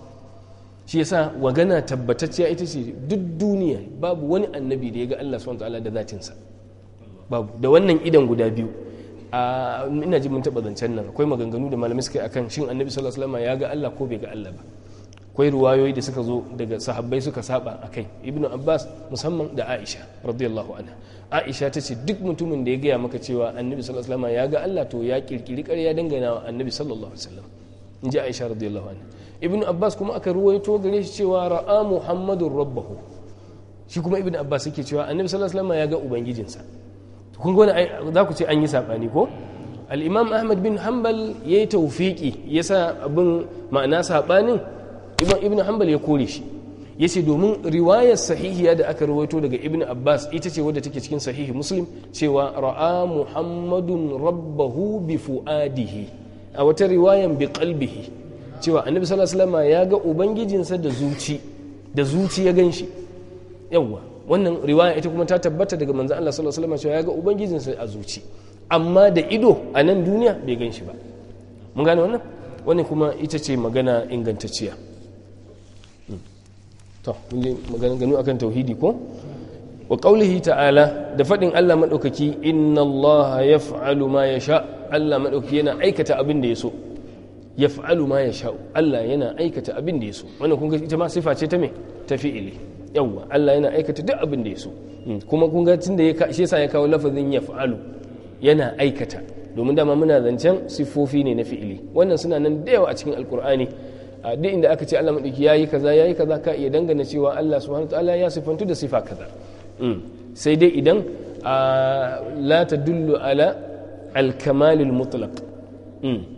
shi yasa wagana tabbatacciya ita ce duk duniya babu wani annabi da ya ga Allah subhanahu ta'ala da zatinsa babu da wannan idan guda biyu a ina ji mun taba zancen nan akwai maganganu da malamai suka akan shin annabi sallallahu alaihi wasallam ya ga Allah ko bai ga Allah ba akwai ruwayoyi da suka zo daga sahabbai suka saba akai ibnu abbas musamman da aisha radiyallahu anha aisha ta ce duk mutumin da ya gaya maka cewa annabi sallallahu alaihi wasallam ya ga Allah to ya kirkiri ƙarya dangana wa annabi sallallahu alaihi wasallam in ji aisha radiyallahu anha ibn abbas kuma aka ruwaito gare shi cewa ra'a muhammadun rabbahu shi kuma ibn abbas yake cewa annabi sallallahu alaihi wasallam ya ga ubangijinsa to kun ga za ku ce an yi sabani ko al-imam ahmad bin hanbal yayi tawfiki yasa abin ma'ana sabanin ibn hanbal ya kore shi ya ce domin riwayar sahihiya da aka ruwaito daga ibn abbas ita ce wadda take cikin sahihi muslim cewa ra'a muhammadun rabbahu bi fu'adihi a wata riwayan bi qalbihi cewa annabi sallallahu alaihi wasallam ya ga ubangijinsa da zuci da zuci ya ganshi yawwa wannan riwaya ita kuma ta tabbata daga manzon Allah sallallahu alaihi wasallam cewa ya ga ubangijinsa a zuci amma da ido a nan duniya bai ganshi ba mun gane wannan wannan kuma ita ce magana ingantacciya hmm. to mun yi magana ganu akan tauhidi ko wa qaulihi ta'ala da fadin Allah madaukaki inna Allah yaf'alu ma yasha Allah madaukaki yana aikata abin da ya so ya fa'alu ma ya sha'u Allah yana aikata abin da ya so wannan kun ita ma sifa ce ta me ta fi'ili yawwa Allah yana aikata duk abin da ya so hmm. kuma kun ga da ya shi yasa ya kawo lafazin ya fa'alu yana aikata domin dama muna zancen sifofi ne na fi'ili wannan suna nan da yawa a cikin alkur'ani a duk inda aka ce Allah ya yayi kaza yayi kaza ka iya dangana cewa Allah subhanahu ta'ala ya sifantu da sifa kaza hmm. sai dai idan la dullu ala al-kamalil mutlaq hmm.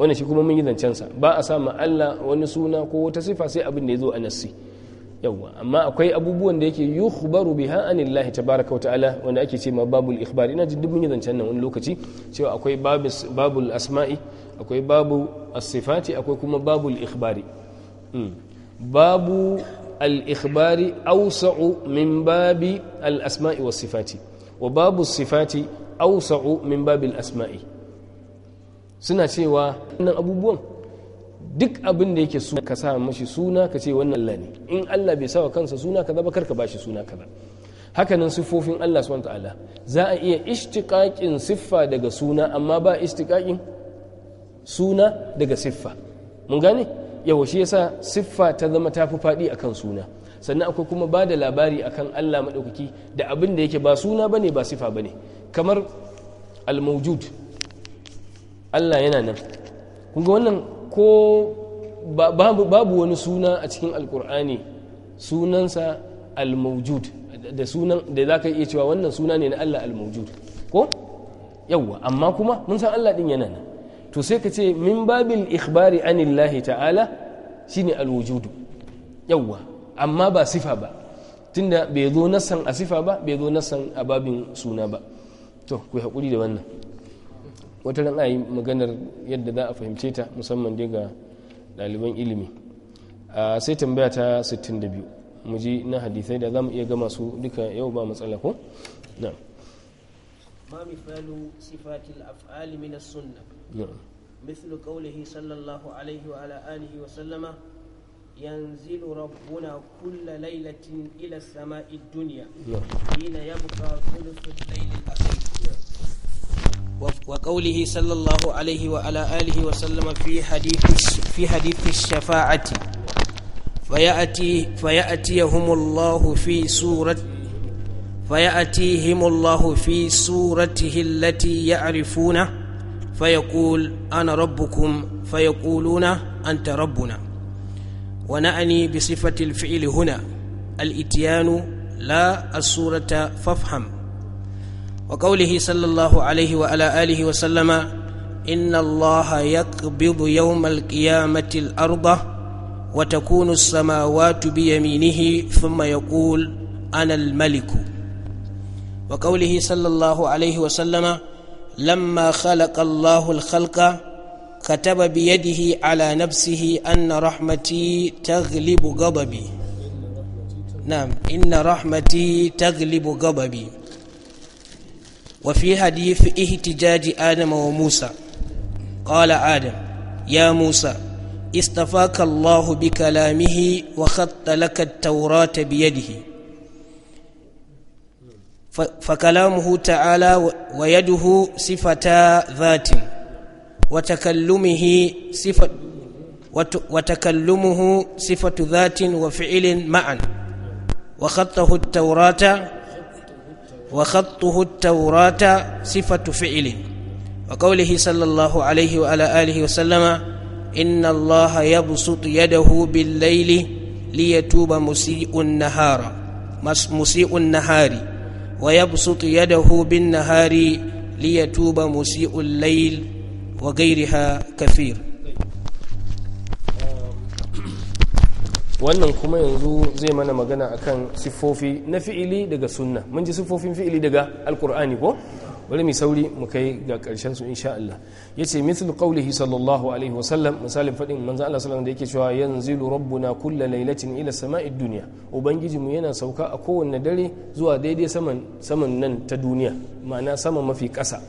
wannan shi kuma mun yi sa ba a ma Allah wani suna ko wata sifa sai abin da ya zo a nassi yawwa amma akwai abubuwan da yake yukhbaru biha anillahi tabaraka wa ta'ala wanda ake ce ma babul ikhbar ina jin dubin zancen nan wani lokaci cewa akwai babul asma'i akwai babu as-sifati akwai kuma babul ikhbari hmm. babu al-ikhbari awsa'u min babi al-asma'i was-sifati wa babu as-sifati awsa'u min babil asma'i suna cewa wannan abubuwan duk abin da yake suna ka sa mashi suna ka ce wannan Allah ne in Allah bai sawa kansa suna kaza ba karka bashi suna kaza hakanan sifofin Allah subhanahu ta'ala za a iya ishtiqaqin siffa daga suna amma ba istikakin suna daga siffa mun gane yawa shi yasa siffa ta zama ta fi faɗi akan suna sannan akwai kuma ba da labari akan Allah maɗaukaki da abin da yake ba suna bane ba siffa bane kamar al-mawjud Allah yana nan kun ga wannan ko babu wani suna a cikin alkur'ani sunansa al-mawjud da sunan da zaka iya cewa wannan suna ne na Allah al-mawjud ko yawwa amma kuma mun san Allah din yana nan to sai ka ce min babil ikhbari anillahi ta'ala shine al-wujud yawwa amma ba sifa ba tunda bai zo nasan a sifa ba bai zo nasan a babin suna ba to ku hakuri da wannan wata ran yi maganar yadda za a fahimce ta musamman dai ga ɗaliban ilimi sai tambaya ta 62 mu ji na hadisai da za mu iya gama su duka yau ba matsala ko na'am ما مثال sifatil af'ali من السنة نعم مثل قوله صلى الله عليه وعلى آله وسلم ينزل ربنا كل ليلة إلى السماء الدنيا نعم حين يبقى ثلث الليل الأخير وقوله صلى الله عليه وعلى آله وسلم في حديث في حديث الشفاعة فيأتي فيأتيهم الله في سورة فيأتيهم الله في سورته التي يعرفونه فيقول أنا ربكم فيقولون أنت ربنا ونعني بصفة الفعل هنا الإتيان لا الصورة فافهم وقوله صلى الله عليه وعلى آله وسلم إن الله يقبض يوم القيامة الأرض وتكون السماوات بيمينه ثم يقول أنا الملك وقوله صلى الله عليه وسلم لما خلق الله الخلق كتب بيده على نفسه أن رحمتي تغلب غضبي نعم إن رحمتي تغلب غضبي وفي حديث احتجاج آدم وموسى قال آدم يا موسى استفاك الله بكلامه وخط لك التوراة بيده فكلامه تعالى ويده صفتا ذات وتكلمه صفة وتكلمه صفة ذات وفعل معا وخطه التوراة وخطه التوراة صفة فعل وقوله صلى الله عليه وعلى آله وسلم إن الله يبسط يده بالليل ليتوب مسيء النهار مسيء النهار ويبسط يده بالنهار ليتوب مسيء الليل وغيرها كثير wannan kuma yanzu zai mana magana akan siffofi na fi'ili daga sunna mun ji siffofin fi'ili daga alkur'ani ko bari mu sauri mu kai ga karshen su insha Allah yace mithlu qawlihi sallallahu alaihi wa sallam misalin fadin manzo Allah sallallahu da yake cewa yanzilu rabbuna kulla lailatin ila sama'id dunya ubangiji mu yana sauka a kowanne dare zuwa daidai saman saman nan ta duniya ma'ana sama mafi kasa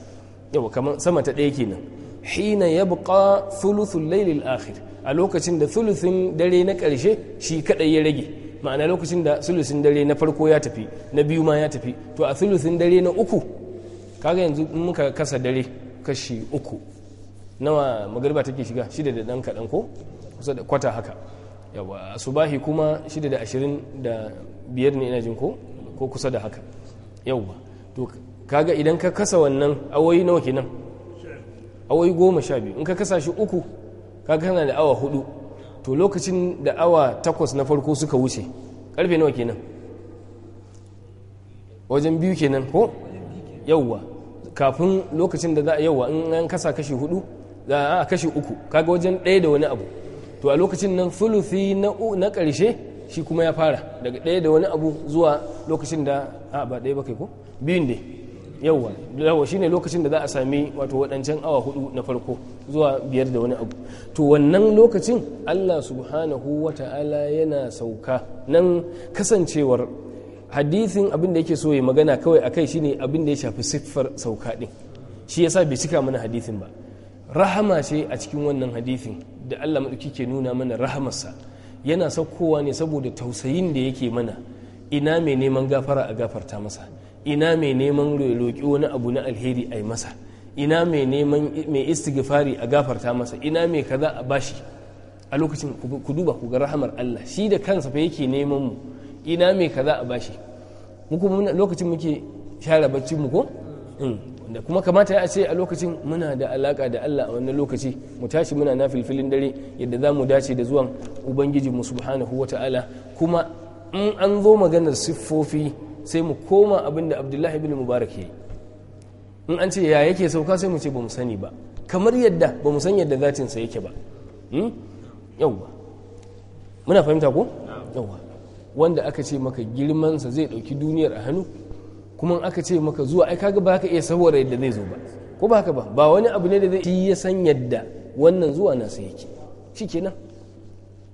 yawa kamar sama ta ɗaya kenan hina yabqa thuluthul laylil akhir a lokacin da sulusin dare na ƙarshe shi kaɗai ya rage ma'ana lokacin da sulusin dare na farko ya tafi na biyu ma ya tafi to a sulusin dare na uku kaga yanzu in muka kasa dare kashi uku nawa magariba take shiga shida da ɗan kaɗan ko kusa da kwata haka yawa subahi kuma shida da ashirin da biyar ne ina jin ko ko kusa da haka yawa to kaga idan ka kasa wannan awoyi nawa kenan awoyi goma sha biyu in ka kasa shi uku kaga kana da awa hudu to lokacin da awa takwas na farko suka wuce karfe nawa kenan wajen biyu kenan ko yauwa kafin lokacin da za a yauwa in an kasa kashi hudu za a kashi uku kaga wajen ɗaya da wani abu to a lokacin nan fulufi na karshe shi kuma ya fara daga ɗaya da wani abu zuwa lokacin da a ba ɗaya ba kai ko biyun dai yauwa yauwa shine lokacin da za a sami wato waɗancan awa hudu na farko zuwa biyar da wani abu to wannan lokacin allah subhanahu wa ta'ala yana sauka nan kasancewar hadithin abin da yake so ya magana kawai a kai shine abin da ya shafi siffar sauka din shi ya sa bai cika mana hadithin ba rahama ce a cikin wannan hadithin da allah maɗauki ke nuna mana rahamarsa yana saukowa ne saboda tausayin da yake mana ina mai neman gafara a gafarta masa ina mai neman roƙi wani abu na alheri a yi masa ina mai neman mai istighfari a gafarta masa ina mai kaza a bashi a lokacin ku duba ku ga rahamar Allah shi da kansa fa yake neman mu ina mai kaza a bashi mu kuma lokacin muke share baccin mu ko mm. da kuma kamata ya ce a lokacin muna da alaka da Allah a wannan lokaci mu tashi muna na filfilin dare yadda za mu dace da zuwan ubangiji mu subhanahu wata'ala kuma in an zo maganar siffofi sai mu koma abin da abdullahi bin mubarak ya yi in an ce ya yake sauka sai mu ce ba mu sani ba kamar yadda ba mu san yadda zatinsa yake ba hmm? yauwa muna fahimta ko yauwa wanda aka ce maka girmansa zai ɗauki duniyar a hannu kuma aka ce maka zuwa ai kaga ba ka iya saboda yadda zai zo ba ko ba haka ba ba wani abu ne da zai yi ya san yadda wannan zuwa na nasa yake shikenan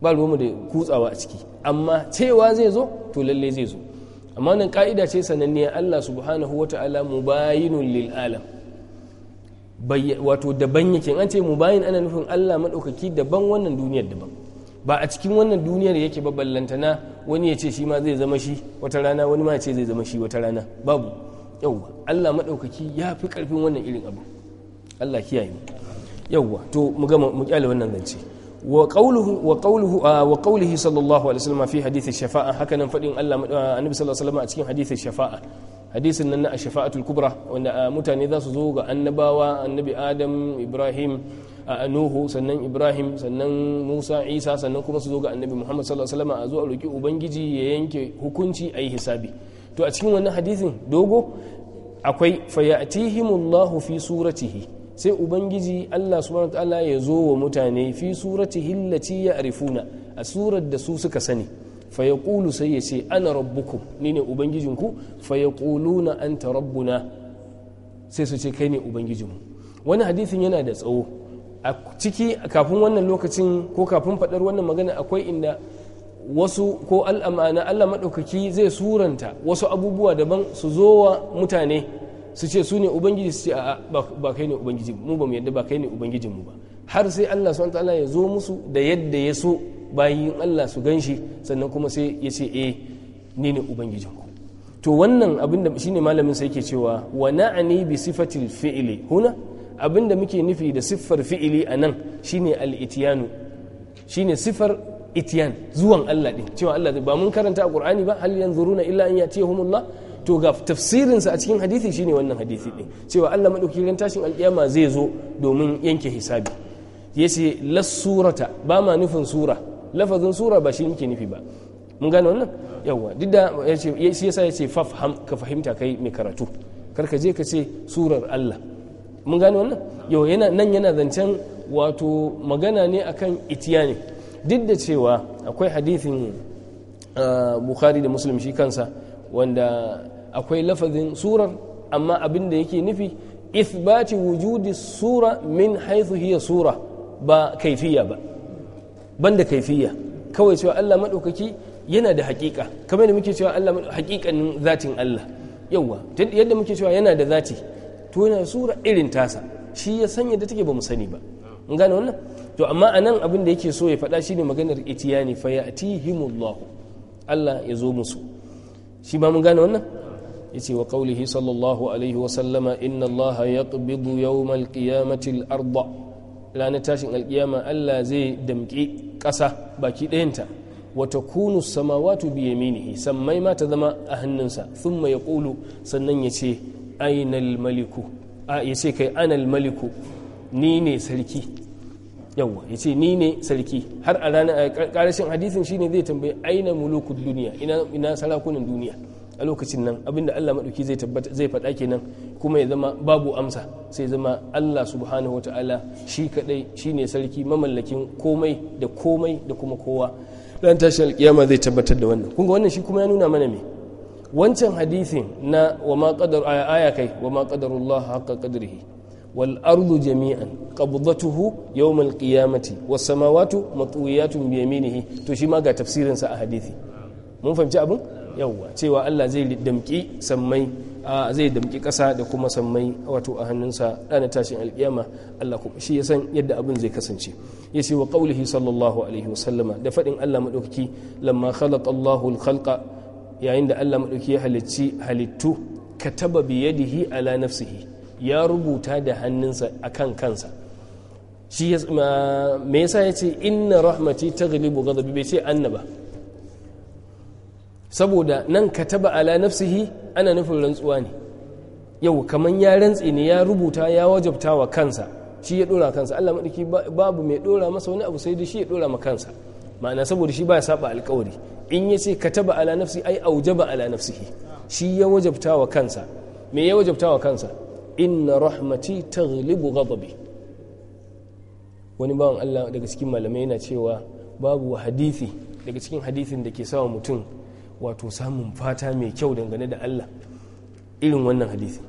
ba ruwanmu da kutsawa a ciki amma cewa zai zo to lalle zai zo amma nan ka'ida ce sananniya Allah subhanahu wa ta'ala mubayinun lil alam wato daban yake an ce mubayin ana nufin Allah madaukaki daban wannan duniyar daban ba a cikin wannan duniyar yake ba ballantana wani ya ce shi ma zai zama shi wata rana wani ma ya ce zai zama shi wata rana babu yauwa Allah madaukaki ya fi karfin wannan irin abu Allah kiyaye mu yauwa to mu gama mu kyale wannan zance وقوله وقوله وقوله صلى الله عليه وسلم في حديث الشفاعة هكذا فدين الله النبي صلى الله عليه وسلم أتكلم حديث الشفاعة حديث أن الشفاعة الكبرى وأن متى ذا سزوغ النباوة النبي آدم إبراهيم nuhu sannan ibrahim sannan musa isa sannan kuma su zo ga annabi muhammad sallallahu a zo a roki ubangiji ya yanke hukunci a yi hisabi to a cikin wannan hadisin dogo akwai fayatihimullahu fi suratihi sai ubangiji Allah subhanahu ta'ala ya zo wa mutane fi surati hillati ya arifuna a surar da su suka sani fa sai ya ce ana rabbukum ni ne ubangijinku fa yaquluna anta rabbuna sai su ce kai ne ubangijinmu wani hadithin yana da tsawo a ciki kafin wannan lokacin ko kafin faɗar wannan magana akwai inda wasu ko al'amana Allah maɗaukaki zai suranta wasu abubuwa daban su zo wa mutane su ce su ne ubangiji su ce a'a ba kai ne ubangiji mu ba mu yadda ba kai ne ubangijin mu ba har sai Allah subhanahu ta'ala ya zo musu da yadda ya so bayin Allah su ganshi sannan kuma sai ya ce eh ni ne ubangijin ku to wannan abin da shine malamin sai yake cewa wa na'ani bi sifatil fi'li huna abin da muke nufi da siffar fi'ili a nan shine al-itiyanu shine siffar itiyan zuwan Allah din cewa Allah ba mun karanta a Qur'ani ba hal yanzuruna illa an yatihumullah to ga tafsirinsa a cikin hadithi shine wannan hadithi din cewa Allah madauki ran tashin alƙiyama zai zo domin yanke hisabi yace las surata ba ma nufin sura lafazin sura ba shi yake nufi ba mun gane wannan yawa duk da shi yasa yace fafham ka fahimta kai mai karatu karka je ka ce surar Allah mun gane wannan yau yana nan yana zancen wato magana ne akan itiyani duk da cewa akwai hadithin ah, bukhari da muslim shi kansa wanda akwai lafazin surar amma abin da yake nufi ithbati wujudi sura min haithu hiya sura ba kaifiya ba banda kaifiya kawai cewa Allah maɗaukaki yana da hakika kamar yadda muke cewa Allah zatin Allah yawa yadda muke cewa yana da zati to yana sura irin tasa shi ya san yadda take ba mu sani ba in gane wannan to amma anan abin da yake so ya faɗa shine maganar itiyani fa ya'tihimullahu Allah ya zo musu shi ba mun gane wannan yace wa qawlihi sallallahu alaihi wa sallama inna allaha yaqbidu yawm alqiyamati al-ardh ranar tashin alkiyama Allah zai damƙi ƙasa baki ɗayanta wata kunu samawatu bi yaminihi sammai ma ta zama a hannunsa thumma yaqulu sannan yace ainal maliku a yace kai anal maliku ni ne sarki yawwa ya ni ne sarki har a ranar ƙarashin hadisin shine zai tambayi aina mulukun duniya ina sarakunan duniya a lokacin nan abinda Allah maɗauki zai tabbata zai faɗa kenan kuma ya zama babu amsa sai zama Allah subhanahu wa ta'ala shi kadai shine sarki mamallakin komai da komai da kuma kowa ɗan tashin alkiyama zai tabbatar da wannan kunga wannan shi kuma ya nuna mana me wancan hadisin na wa ma qadar aya kai wa ma qadarullah haqqa qadrihi wal ardu jami'an qabdatuhu yawm al qiyamati was samawati matwiyatun bi yaminihi to shi ma ga tafsirin sa a hadisi mun fahimci abin yawwa cewa Allah zai damki sammai zai damki ƙasa da kuma sammai wato a hannunsa ranar tashin alƙiyama Allah kuma shi ya san yadda abin zai kasance ya ce wa ƙaulihi sallallahu alaihi wasallama da faɗin Allah madaukaki lamma khalaqa Allahu khalqa yayin da Allah madaukaki ya halicci halittu kataba bi yadihi ala nafsihi ya rubuta da hannunsa akan kansa shi me yasa ya ce inna rahmati taghlibu ghadabi bai ce annaba saboda nan kataba ala nafsihi ana nufin rantsuwa ne yau kamar ya rantsi ne ya rubuta ya wajabta wa kansa shi ya dora kansa Allah madaki babu mai dora masa wani abu sai da shi ya dora ma kansa ma'ana saboda shi baya saba alƙawari in ya ce kataba ala nafsi ai aujaba ala nafsihi shi ya wajabta wa kansa me ya wajabta wa kansa inna rahmati taghlibu ghadabi wani bawan Allah daga cikin malamai yana cewa babu hadisi daga cikin hadisin da ke sawa mutum wato samun fata mai kyau dangane da Allah irin wannan hadisi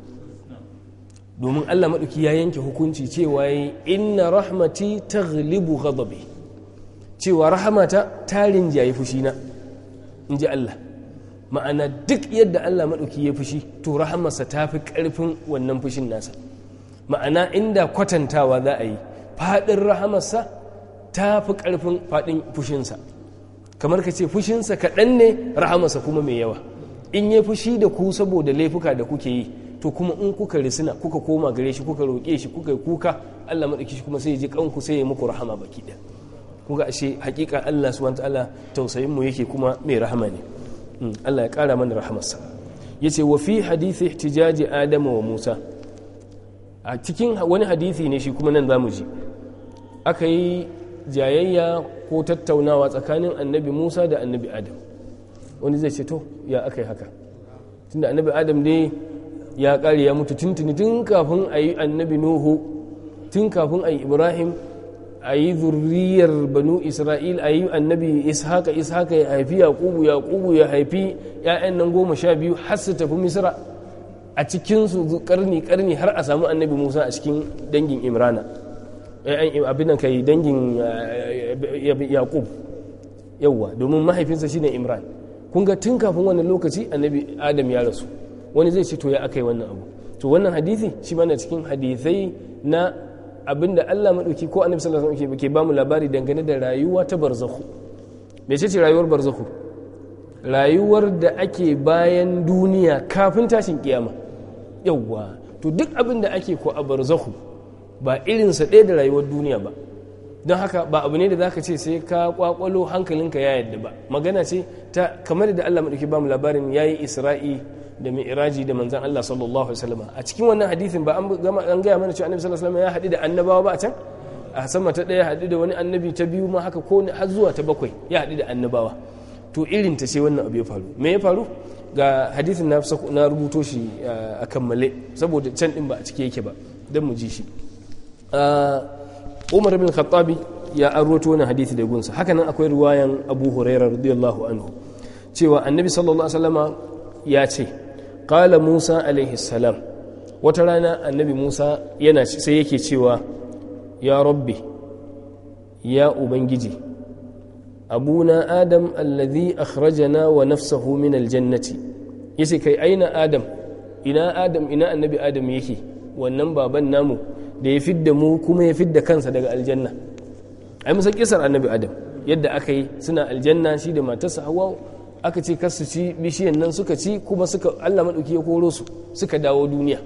domin Allah maɗuki ya yanke hukunci cewa yi inna rahmati ta ghalibu ghadabi cewa rahamata tarin jayi fushina in ji Allah ma'ana duk yadda Allah maɗuki ya fushi to rahamarsa ta fi ƙarfin wannan fushin nasa ma'ana inda kwatantawa za a yi faɗin rahamarsa ta fi ƙarfin faɗin fushinsa kamar ka ce fushinsa kaɗan ne rahamarsa kuma mai yawa in ya fushi da ku saboda laifuka da kuke yi to kuma in kuka risina kuka koma gare shi kuka roƙe shi kuka yi kuka Allah madaki shi kuma sai ya ji ƙanku sai ya muku rahama baki ɗin kuka ashe hakika Allah su wanta allah tausayin mu yake kuma mai rahama ne hmm, Allah ya ƙara mana rahamarsa ya ce wafi hadisi tijaji adamu wa Musa a cikin wani hadisi ne shi kuma nan zamu ji aka yi jayayya ko tattaunawa tsakanin annabi musa da annabi adam wani zai ce to ya aka yi haka tunda annabi adam dai ya kare ya mutu tuntuni tun kafin a yi annabi nuhu tun kafin a yi ibrahim a yi zurriyar banu isra'il a yi annabi ishaka ishaka ya haifi ya yaƙubu ya haifi ya'yan nan goma sha biyu har su tafi misra a cikinsu karni karni har a samu annabi musa a cikin dangin imrana Eh, eh, abin nan kai dangin eh, yaƙub yawwa domin mahaifinsa shine imran kun ga tun kafin wani lokaci annabi adam ya rasu wani zai ce to ya yi wannan abu to wannan hadisi shi mana cikin hadithai na abinda Allah maɗauki ko annabi sallallahu alaihi wasallam ke bamu labari dangane da rayuwa ta barzaku me ce rayuwar barzaku rayuwar da ake bayan duniya kafin tashin kiyama yawwa to duk abin da ake ko a barzaku. ba irinsa ɗaya da rayuwar duniya ba don haka ba abu ne da zaka ce sai ka kwakwalo hankalinka ya yadda ba magana ce ta kamar da Allah madauki mu labarin yayi Isra'i da Mi'raji da manzon Allah sallallahu alaihi a cikin wannan hadisin ba an gaya mana cewa Annabi sallallahu alaihi wasallam ya haɗu da annabawa ba a can a sama ta ɗaya haɗu da wani annabi ta biyu ma haka ko har zuwa ta bakwai ya haɗu da annabawa to irin ta ce wannan abu ya faru me ya faru ga hadisin na rubuto shi a kammale saboda can din ba a cike yake ba don mu ji shi Uh, umar bin khattabi ya arwato wannan hadithi da gunsa nan akwai ruwayan abu huraira radiyallahu anhu cewa annabi sallallahu alaihi wasallama ya ce qala musa alaihi salam wata rana annabi musa yana sai yake cewa ya rabbi ya ubangiji abuna adam alladhi akhrajana wa nafsahu min aljannati yace kai aina adam ina adam ina annabi adam yake wannan baban namu da ya fidda mu kuma ya fidda kansa daga aljanna ai musa kisar annabi adam yadda aka yi suna aljanna shi da matarsa hawa aka ce kar ci bishiyan nan suka ci kuma suka Allah madauki ya koro su suka dawo duniya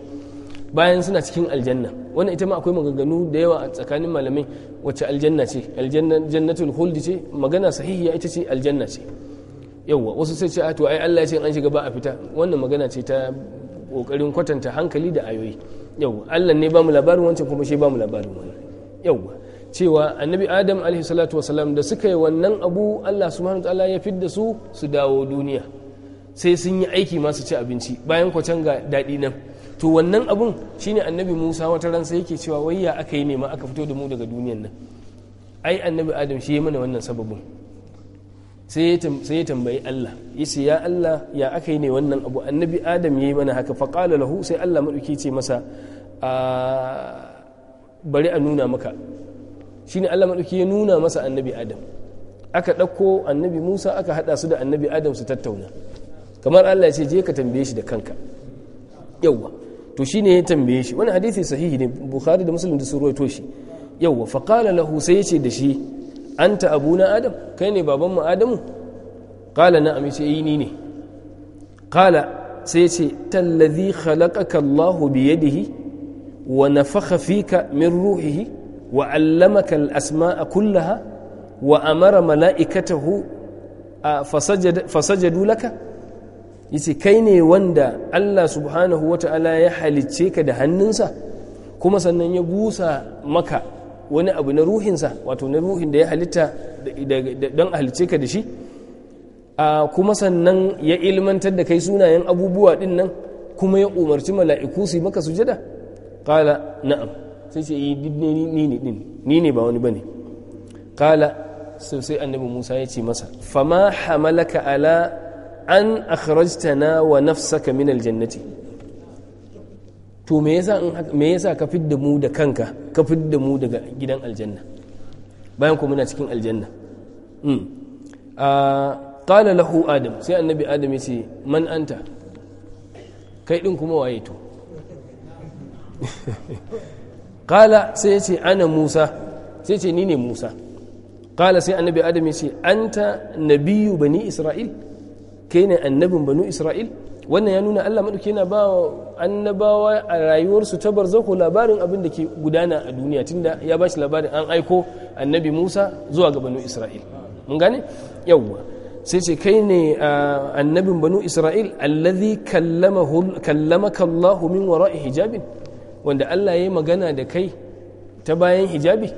bayan suna cikin aljanna wannan ita ma akwai maganganu da yawa a tsakanin malamai wacce aljanna ce aljanna jannatul khuldi ce magana sahihiya ita ce aljanna ce yawwa wasu sai ce a to ai Allah ya ce an shiga ba a fita wannan magana ce ta kokarin kwatanta hankali da ayoyi yau Allah ne ba mu labarin wancan kuma shi ba mu labarin wani yau cewa annabi adam alaihi salatu wasalam da suka yi wannan abu Allah subhanahu ta'ala ya fidda su su dawo duniya sai sun yi aiki masu ci abinci bayan kwacan ga daɗi nan to wannan abun shi ne annabi Musa wata ransa sai yake cewa wai ya aka yi nema aka fito da mu daga duniyan nan ai annabi adam shi ya mana wannan sababin sai ya tambayi Allah ce ya Allah ya aka yi ne wannan abu annabi adam ya yi mana haka faƙala lahu sai Allah maɗauki ce masa a bari a nuna maka shine Allah maɗauki ya nuna masa annabi adam aka ɗauko annabi Musa aka haɗa su da annabi Adam su tattauna kamar Allah ya ce je ka tambaye shi da kanka yawwa to shine ya tambaye shi wani hadisi sahihi ne Bukhari da Muslim da sun rawaito shi yawwa faƙala lahu sai ya ce da shi anta abuna adam kai ne babanmu adamu qala na'am yace yi eh, ni ne qala sai yace tallazi khalaqaka Allah bi yadihi wa nafakha fika min ruhihi wa 'allamaka al-asma'a kullaha wa amara mala'ikatahu fasajadu laka yace kai ne wanda Allah subhanahu wata'ala ya halicce ka da hannunsa kuma sannan ya busa maka wani abu na ruhinsa wato na ruhin da ya halitta don halice ka da shi a kuma sannan ya ilmantar da kai sunayen abubuwa din nan kuma ya umarci mala'iku su maka sujada na'am sai ce eh, ni ne ni ne ba wani bane qala sai annabi Musa ya ce masa fama hamalaka ala an akhrajtana wa nafsaka min aljannati to me yasa me yasa ka fidda mu da kanka ka fidda mu daga gidan aljanna bayan ku muna cikin aljanna mm a ah, qala lahu adam sai annabi adam yace man anta kai din kuma waye to qala sai yace ana musa sai yace ni ne musa qala sai annabi adam yace anta nabiyyu bani isra'il kai ne annabin bani isra'il wannan ya nuna Allah maɗauki yana ba annabawa a rayuwarsu ta barzako labarin abin da ke gudana a duniya tunda ya ba shi labarin an aiko annabi Musa zuwa ga banu Isra'il mun gane yawwa sai ce kai ne annabin banu Isra'il allazi kallama Allah min wara'i hijabin wanda Allah ya yi magana da kai ta bayan hijabi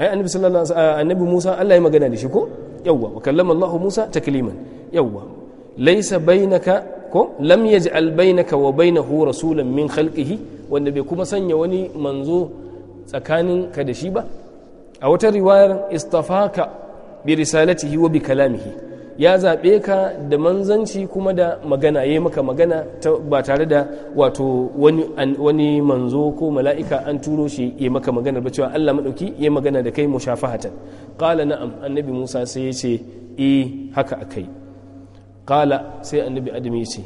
ai annabi sallallahu annabi Musa Allah ya magana da shi ko yawwa wa kallama Allah Musa takliman yawwa laisa bainaka ko lam yaj'al bainaka wa bainahu rasulan min khalqihi wanda bai kuma sanya wani manzo tsakanin ka da shi ba a wata riwayar istafaka bi risalatihi wa bi kalamihi ya zabe ka da manzanci kuma da magana ya maka magana ba tare da wato wani, manzo ko mala'ika an turo shi ya maka magana ba cewa Allah madauki ya magana da kai mushafahatan qala na'am annabi musa sai ya ce e haka akai. qala sai annabi adam ya ce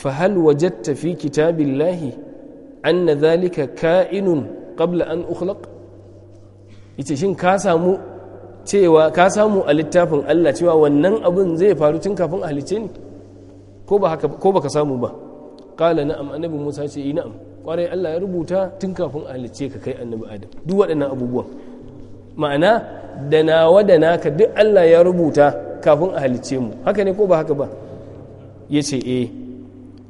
fa hal wajadta fi kitabillahi anna dhalika ka'inun qabla an ukhlaq yace shin ka samu cewa ka samu a littafin Allah cewa wannan abun zai faru tun kafin halice ne? ko ba haka ko baka samu ba qala na'am annabi Musa ce yi na'am kwarai Allah ya rubuta tun kafin halice ka kai annabi Adam duk waɗannan abubuwan ma'ana da nawa da naka duk Allah ya rubuta kafin a halice mu haka ne ko ba haka ba ya ce eh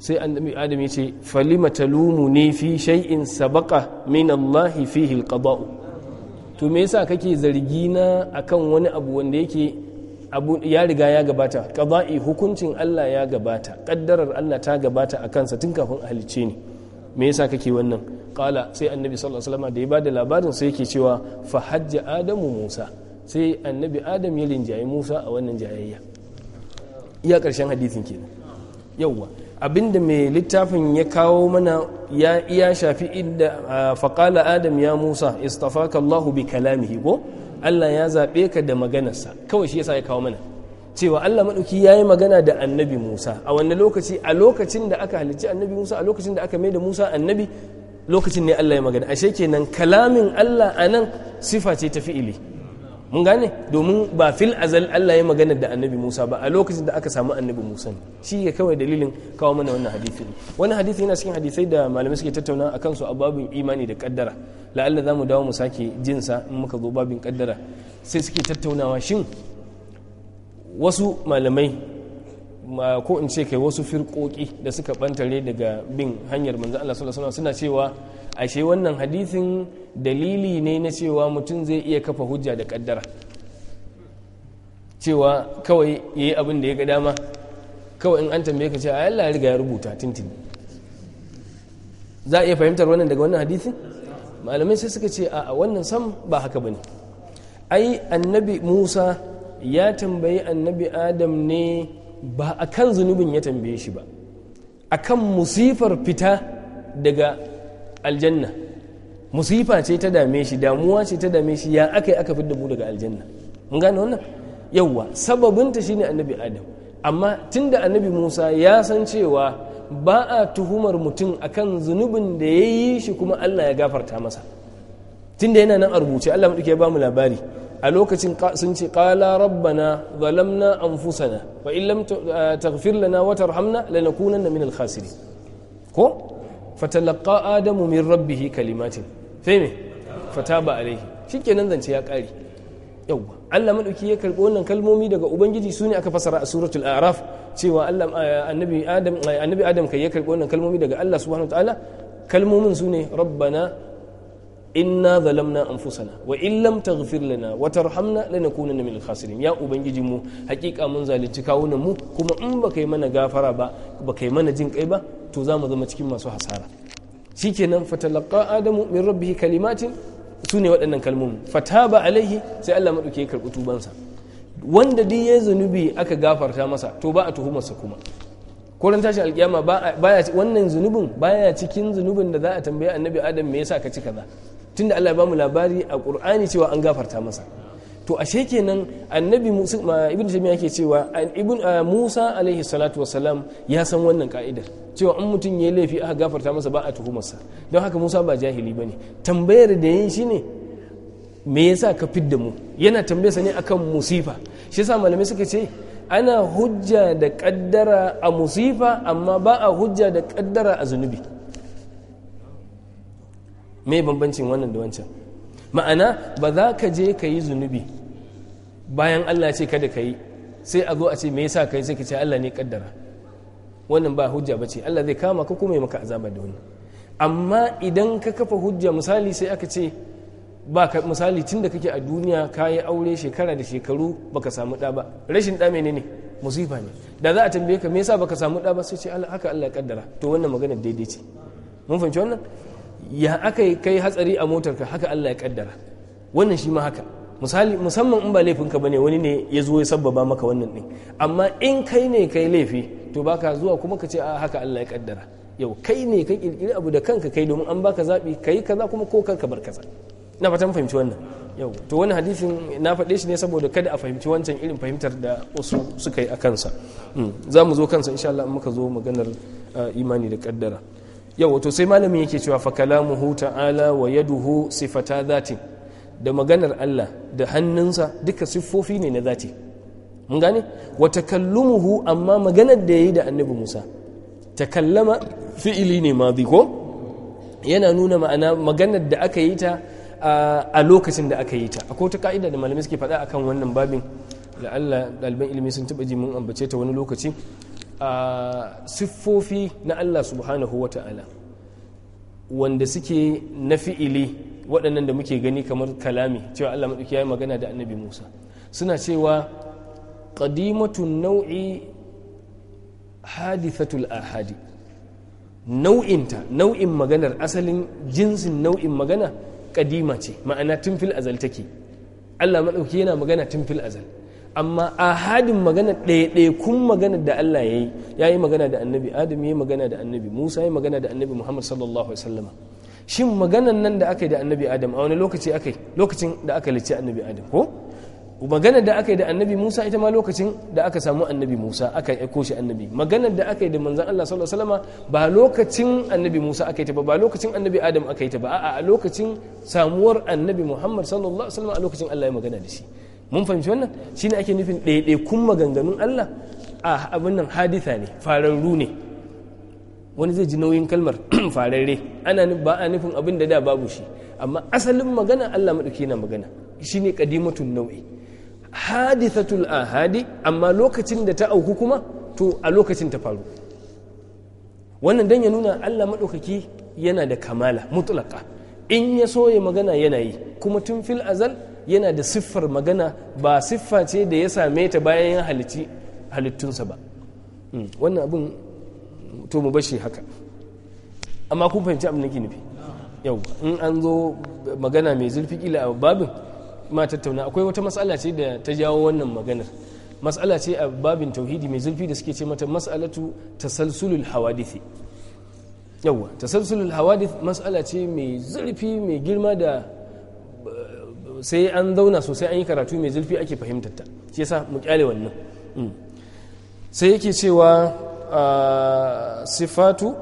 sai annabi adam ya ce falima talumu ne fi shay'in sabaka min Allah fihi alqada'u to me yasa kake zargi na akan wani abu wanda yake abu ya riga ya gabata qada'i hukuncin Allah ya gabata kaddarar Allah ta gabata a kansa tun kafin a halice ne me yasa kake wannan qala sai annabi sallallahu alaihi wasallam da ya bada labarin sai yake cewa fa hajja adamu musa sai annabi adam ya linjaye musa a wannan jayayya iya ƙarshen hadithin ke yauwa abinda mai littafin ya kawo mana ya iya shafi inda faƙala adam ya musa istafaka allahu bi kalamihi ko allah ya zaɓe ka da maganarsa kawai shi yasa ya kawo mana cewa allah maɗauki ya yi magana da annabi musa a wannan lokaci a lokacin da aka halicci annabi musa a lokacin da aka mai da musa annabi lokacin ne allah ya magana ashe kenan kalamin allah a nan sifa ce ta fi'ili mun gane domin ba fil azal Allah ya magana da annabi Musa ba a lokacin da aka samu annabi Musa shi ya kawai dalilin kawo mana wannan hadisi ne wannan hadisi yana cikin hadisai da malamai suke tattauna a kansu a babin imani da kaddara la'alla za mu dawo mu sake jinsa in muka zo babin kaddara sai suke tattaunawa shin wasu malamai ko in ce kai wasu firkoki da suka bantare daga bin hanyar manzo Allah sallallahu alaihi suna cewa ashe wannan hadisin dalili ne na cewa mutum zai iya kafa hujja da kaddara cewa kawai yayi abin da ya ga dama kawai in an tambaye ka ce a Allah ya riga ya rubuta tintin za a iya fahimtar wannan daga wannan hadisin malamai sai suka ce a wannan sam ba haka bane ai annabi Musa ya tambayi annabi Adam ne ba a kan zunubin ya tambaye shi ba a kan musifar fita daga aljanna musifa ce ta dame shi damuwa ce ta dame shi ya aka yi aka fi mu daga aljanna mun gane wannan yawwa sababinta shine annabi adam amma tunda annabi musa ya san cewa ba a tuhumar mutum akan zunubin da ya yi shi kuma allah ya gafarta masa tunda yana nan a rubuce allah maɗauki ya ba mu labari a lokacin sun ce qala rabbana zalamna anfusana wa in lam wata eh, rahamna. wa tarhamna lanakunanna min al-khasirin ko fatalaqa adamu min rabbihi kalimatin sai me fataba alaihi nan zance ya kare yawwa Allah madauki ya karɓi wannan kalmomi daga ubangiji Su ne aka fasara a suratul a'raf cewa Allah eh, annabi adam eh, annabi adam kai ya karɓi wannan kalmomi daga Allah subhanahu wa ta'ala kalmomin sune rabbana inna zalamna anfusana wa in lam taghfir lana wa tarhamna lanakunanna minal khasirin ya ubangiji mu hakika mun zalunci kawunan mu kuma in baka yi mana gafara ba baka yi mana jin kai ba to za mu zama cikin masu hasara shikenan fatalaqa adamu min rabbihi kalimatin su ne waɗannan kalmomi fataba alaihi sai Allah maɗauke ya karɓi tubansa wanda duk zunubi aka gafarta masa to ba a tuhumarsa kuma koran tashin alkiyama baya wannan zunubin baya cikin zunubin da za a tambaye annabi adam me yasa ka ci kaza tun da Allah ya bamu labari a Qur'ani cewa an gafarta masa to ashe kenan annabi Musa ibn Jami'a yake cewa ibn Musa alaihi salatu wassalam ya san wannan ka'idar cewa an mutum ya laifi aka gafarta masa ba a tuhumarsa don haka Musa ba jahili ba ne. tambayar da yin shine me yasa ka fidda mu yana tambayar sa ne akan musifa shi yasa malamai suka ce ana hujja da kaddara a musifa amma ba a hujja da kaddara a zunubi me bambancin wannan da wancan ma'ana ba za ka je ka yi zunubi bayan Allah ce kada ka yi sai a zo a ce me yasa kai sai ka ce Allah ne kaddara wannan ba hujja bace Allah zai kama ka kuma ya maka azaba da wani amma idan ka kafa hujja misali sai aka ce ba ka misali tunda kake a duniya ka yi aure shekara da shekaru baka samu ɗa ba rashin ɗa menene musifa ne da za a tambaye ka me yasa baka samu ɗa ba sai ce haka Allah ya kaddara to wannan magana daidai ce mun fahimci wannan ya aka kai hatsari a motarka haka Allah ya kaddara wannan shi ma haka misali musamman in ba laifinka bane wani ne ya zo ya sabbaba maka wannan din amma in kai ne kai laifi to baka zuwa kuma ka ce a haka Allah ya kaddara yau kai ne ka kirkiri abu da kanka kai domin an baka zabi kai kaza kuma ko kanka bar kaza na fatan fahimci wannan yau to wani hadisin na faɗe shi ne saboda kada a fahimci wancan irin fahimtar da wasu suka yi a kansa hmm, za mu zo kansa insha Allah in muka zo maganar eh, imani da kaddara yau wato sai malamin yake cewa fa kalamuhu ta'ala wa yaduhu sifata zati da maganar Allah da hannunsa duka siffofi ne na zati mun gane wa takallumuhu amma maganar da yayi da annabi Musa takallama fi'ili ne madi ko yana nuna ma'ana maganar da aka yi ta a lokacin da aka yi ta akwai wata ka'ida da malamai suke faɗa akan wannan babin la'alla ɗaliban ilimi sun taɓa ji mun ambace ta wani lokaci siffofi na Allah subhanahu wa ta'ala wanda suke na fi'ili waɗannan da muke gani kamar kalami cewa Allah maɗauki ya yi magana da annabi Musa suna cewa ƙadimatun nau'i hadithatul ahadi nau'inta nau'in maganar asalin jinsin nau'in magana ƙadima ce ma'ana tun fil azal take Allah maɗauki yana magana tun fil azal amma ahadin magana ɗaya-ɗaya kun magana da Allah ya yi ya yi magana da annabi adam ya yi magana da annabi musa ya yi magana da annabi muhammad sallallahu alaihi wasallam shin maganan nan da aka yi da annabi adam a wani lokaci aka yi lokacin da aka lice annabi adam ko maganar da aka yi da annabi musa ita ma lokacin da aka samu annabi musa aka aiko shi annabi maganar da aka yi da manzan allah sallallahu alaihi wasallama ba lokacin annabi musa aka yi ta ba ba lokacin annabi adam aka yi ta ba a a lokacin samuwar annabi muhammad sallallahu alaihi wasallama a lokacin allah ya magana da shi mun fahimci wannan shi ne ake nufin ɗaiɗaikun maganganun Allah a abin nan haditha ne fararru ne wani zai ji nauyin kalmar fararre ana ba a nufin abin da da babu shi amma asalin magana Allah maɗauki yana magana shi ne ƙadimatun nau'i hadithatul ahadi amma lokacin da ta auku kuma to a lokacin ta faru wannan dan ya nuna Allah maɗaukaki yana da kamala mutlaka in ya so magana yana yi kuma tun fil azal yana da siffar magana ba siffa ce da ya same ta bayan ya halitti halittunsa ba hmm. wannan abin to mu bashi haka amma kun fahimci abin nake nufi yau in an zo magana mai zurfi kila a babin ma tattauna akwai wata matsala ce da ta jawo wannan maganar matsala ce a babin tauhidi mai zurfi da suke ce mata matsalatu tasalsulul hawadithi yawwa tasalsulul hawadith matsala ce mai zurfi mai girma da sai an zauna sosai an yi karatu mai zurfi ake fahimtar ta shi yasa mu kyale wannan mm. sai yake cewa ah, sifatu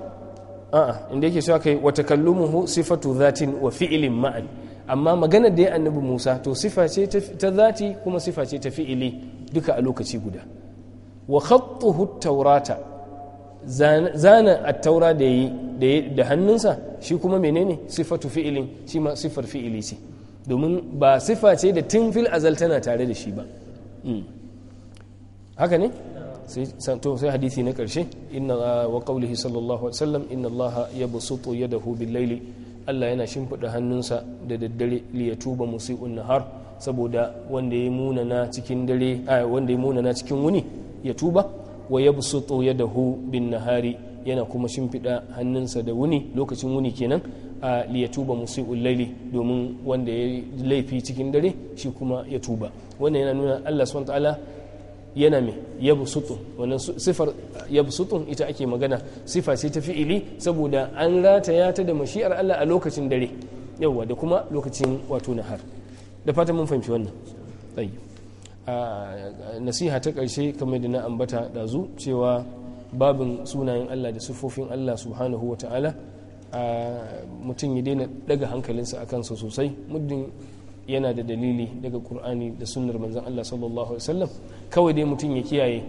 a'a inda yake cewa kai wa takallumuhu sifatu zatin wa fi'ilin ma'an amma maganar da ya annabi Musa to sifa ce ta zati kuma sifa ce ta fi'ili duka a lokaci guda wa khattuhu taurata zana at-taura da yi da hannunsa shi kuma menene sifatu fi'ilin shi ma sifar fi'ili ce domin ba sifa ce da tun fil azal tana tare da shi ba hmm. haka ne sai hadisi na karshe inna wa qawlihi sallallahu alaihi wasallam inna ya yabsutu ya dahu layli Allah yana shimfida hannunsa da daddare li yatuba musii'un nahar saboda wanda ya munana cikin dare wanda ya munana cikin wuni ya tuba wa yabsutu yadahu bin nahari yana kuma shimfida hannunsa da wuni lokacin wuni kenan a ya tuba musu ulali domin wanda ya laifi cikin dare shi kuma ya tuba wannan yana nuna Allah subhanahu ta'ala yana mai ya busutu wannan sifar ya busutu ita ake magana sifa ce ta ili saboda an rataya ta da mashi'ar Allah a lokacin dare yawwa da kuma lokacin wato na har da fatan mun fahimci wannan nasiha ta karshe kamar da na ambata dazu cewa babin sunayen Allah da siffofin Allah subhanahu wa ta'ala mutum ya daina daga hankalinsa a kansa sosai muddin yana da dalili daga kur'ani da sunnar manzan allah sallallahu alaihi wasallam kawai dai mutum ya kiyaye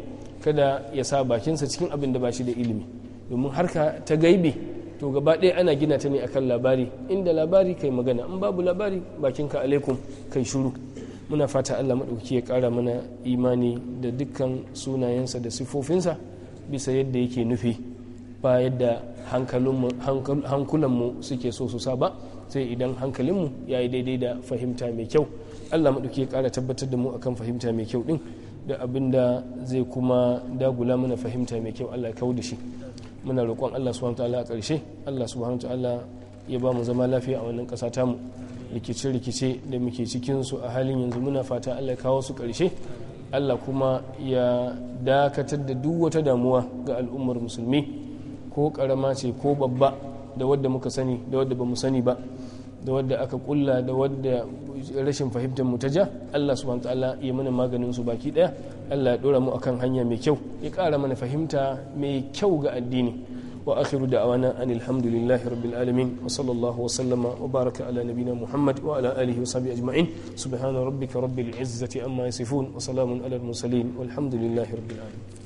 kada ya sa bakinsa cikin abin da ba shi da ilimi domin harka ta gaibe to gaba ɗaya ana gina ta ne akan labari inda labari kai magana in babu labari ka alaikum kai shuru muna fata allah maɗauki ya ƙara mana imani da dukkan sunayensa da sifofinsa bisa yadda yake nufi ba yadda hankulanmu suke so su saba sai idan hankalinmu ya yi daidai da fahimta mai kyau allah maɗauki ya ƙara tabbatar da mu akan fahimta mai kyau ɗin da abin da zai kuma dagula mana fahimta mai kyau allah kawo da shi muna roƙon allah subhanahu ta'ala a ƙarshe allah subhanahu ta'ala ya ba mu zama lafiya a wannan ƙasa tamu rikice-rikice da muke cikin su a halin yanzu muna fata allah ya kawo su ƙarshe allah kuma ya dakatar da duk wata damuwa ga al'ummar musulmi ko karama ce ko babba da wadda muka sani da wadda ba mu sani ba da wadda aka kulla da wadda rashin fahimtar mu ta ja Allah subhanahu ta'ala ya mana maganin su baki daya Allah ya dora mu akan hanya mai kyau ya kara mana fahimta mai kyau ga addini wa akhiru awana anil hamdulillahi rabbil alamin wa sallallahu wa sallama wa baraka ala nabina muhammad wa ala alihi wa sahbihi ajma'in subhana rabbika rabbil izzati amma yasifun wa salamun ala al mursalin walhamdulillahi rabbil alamin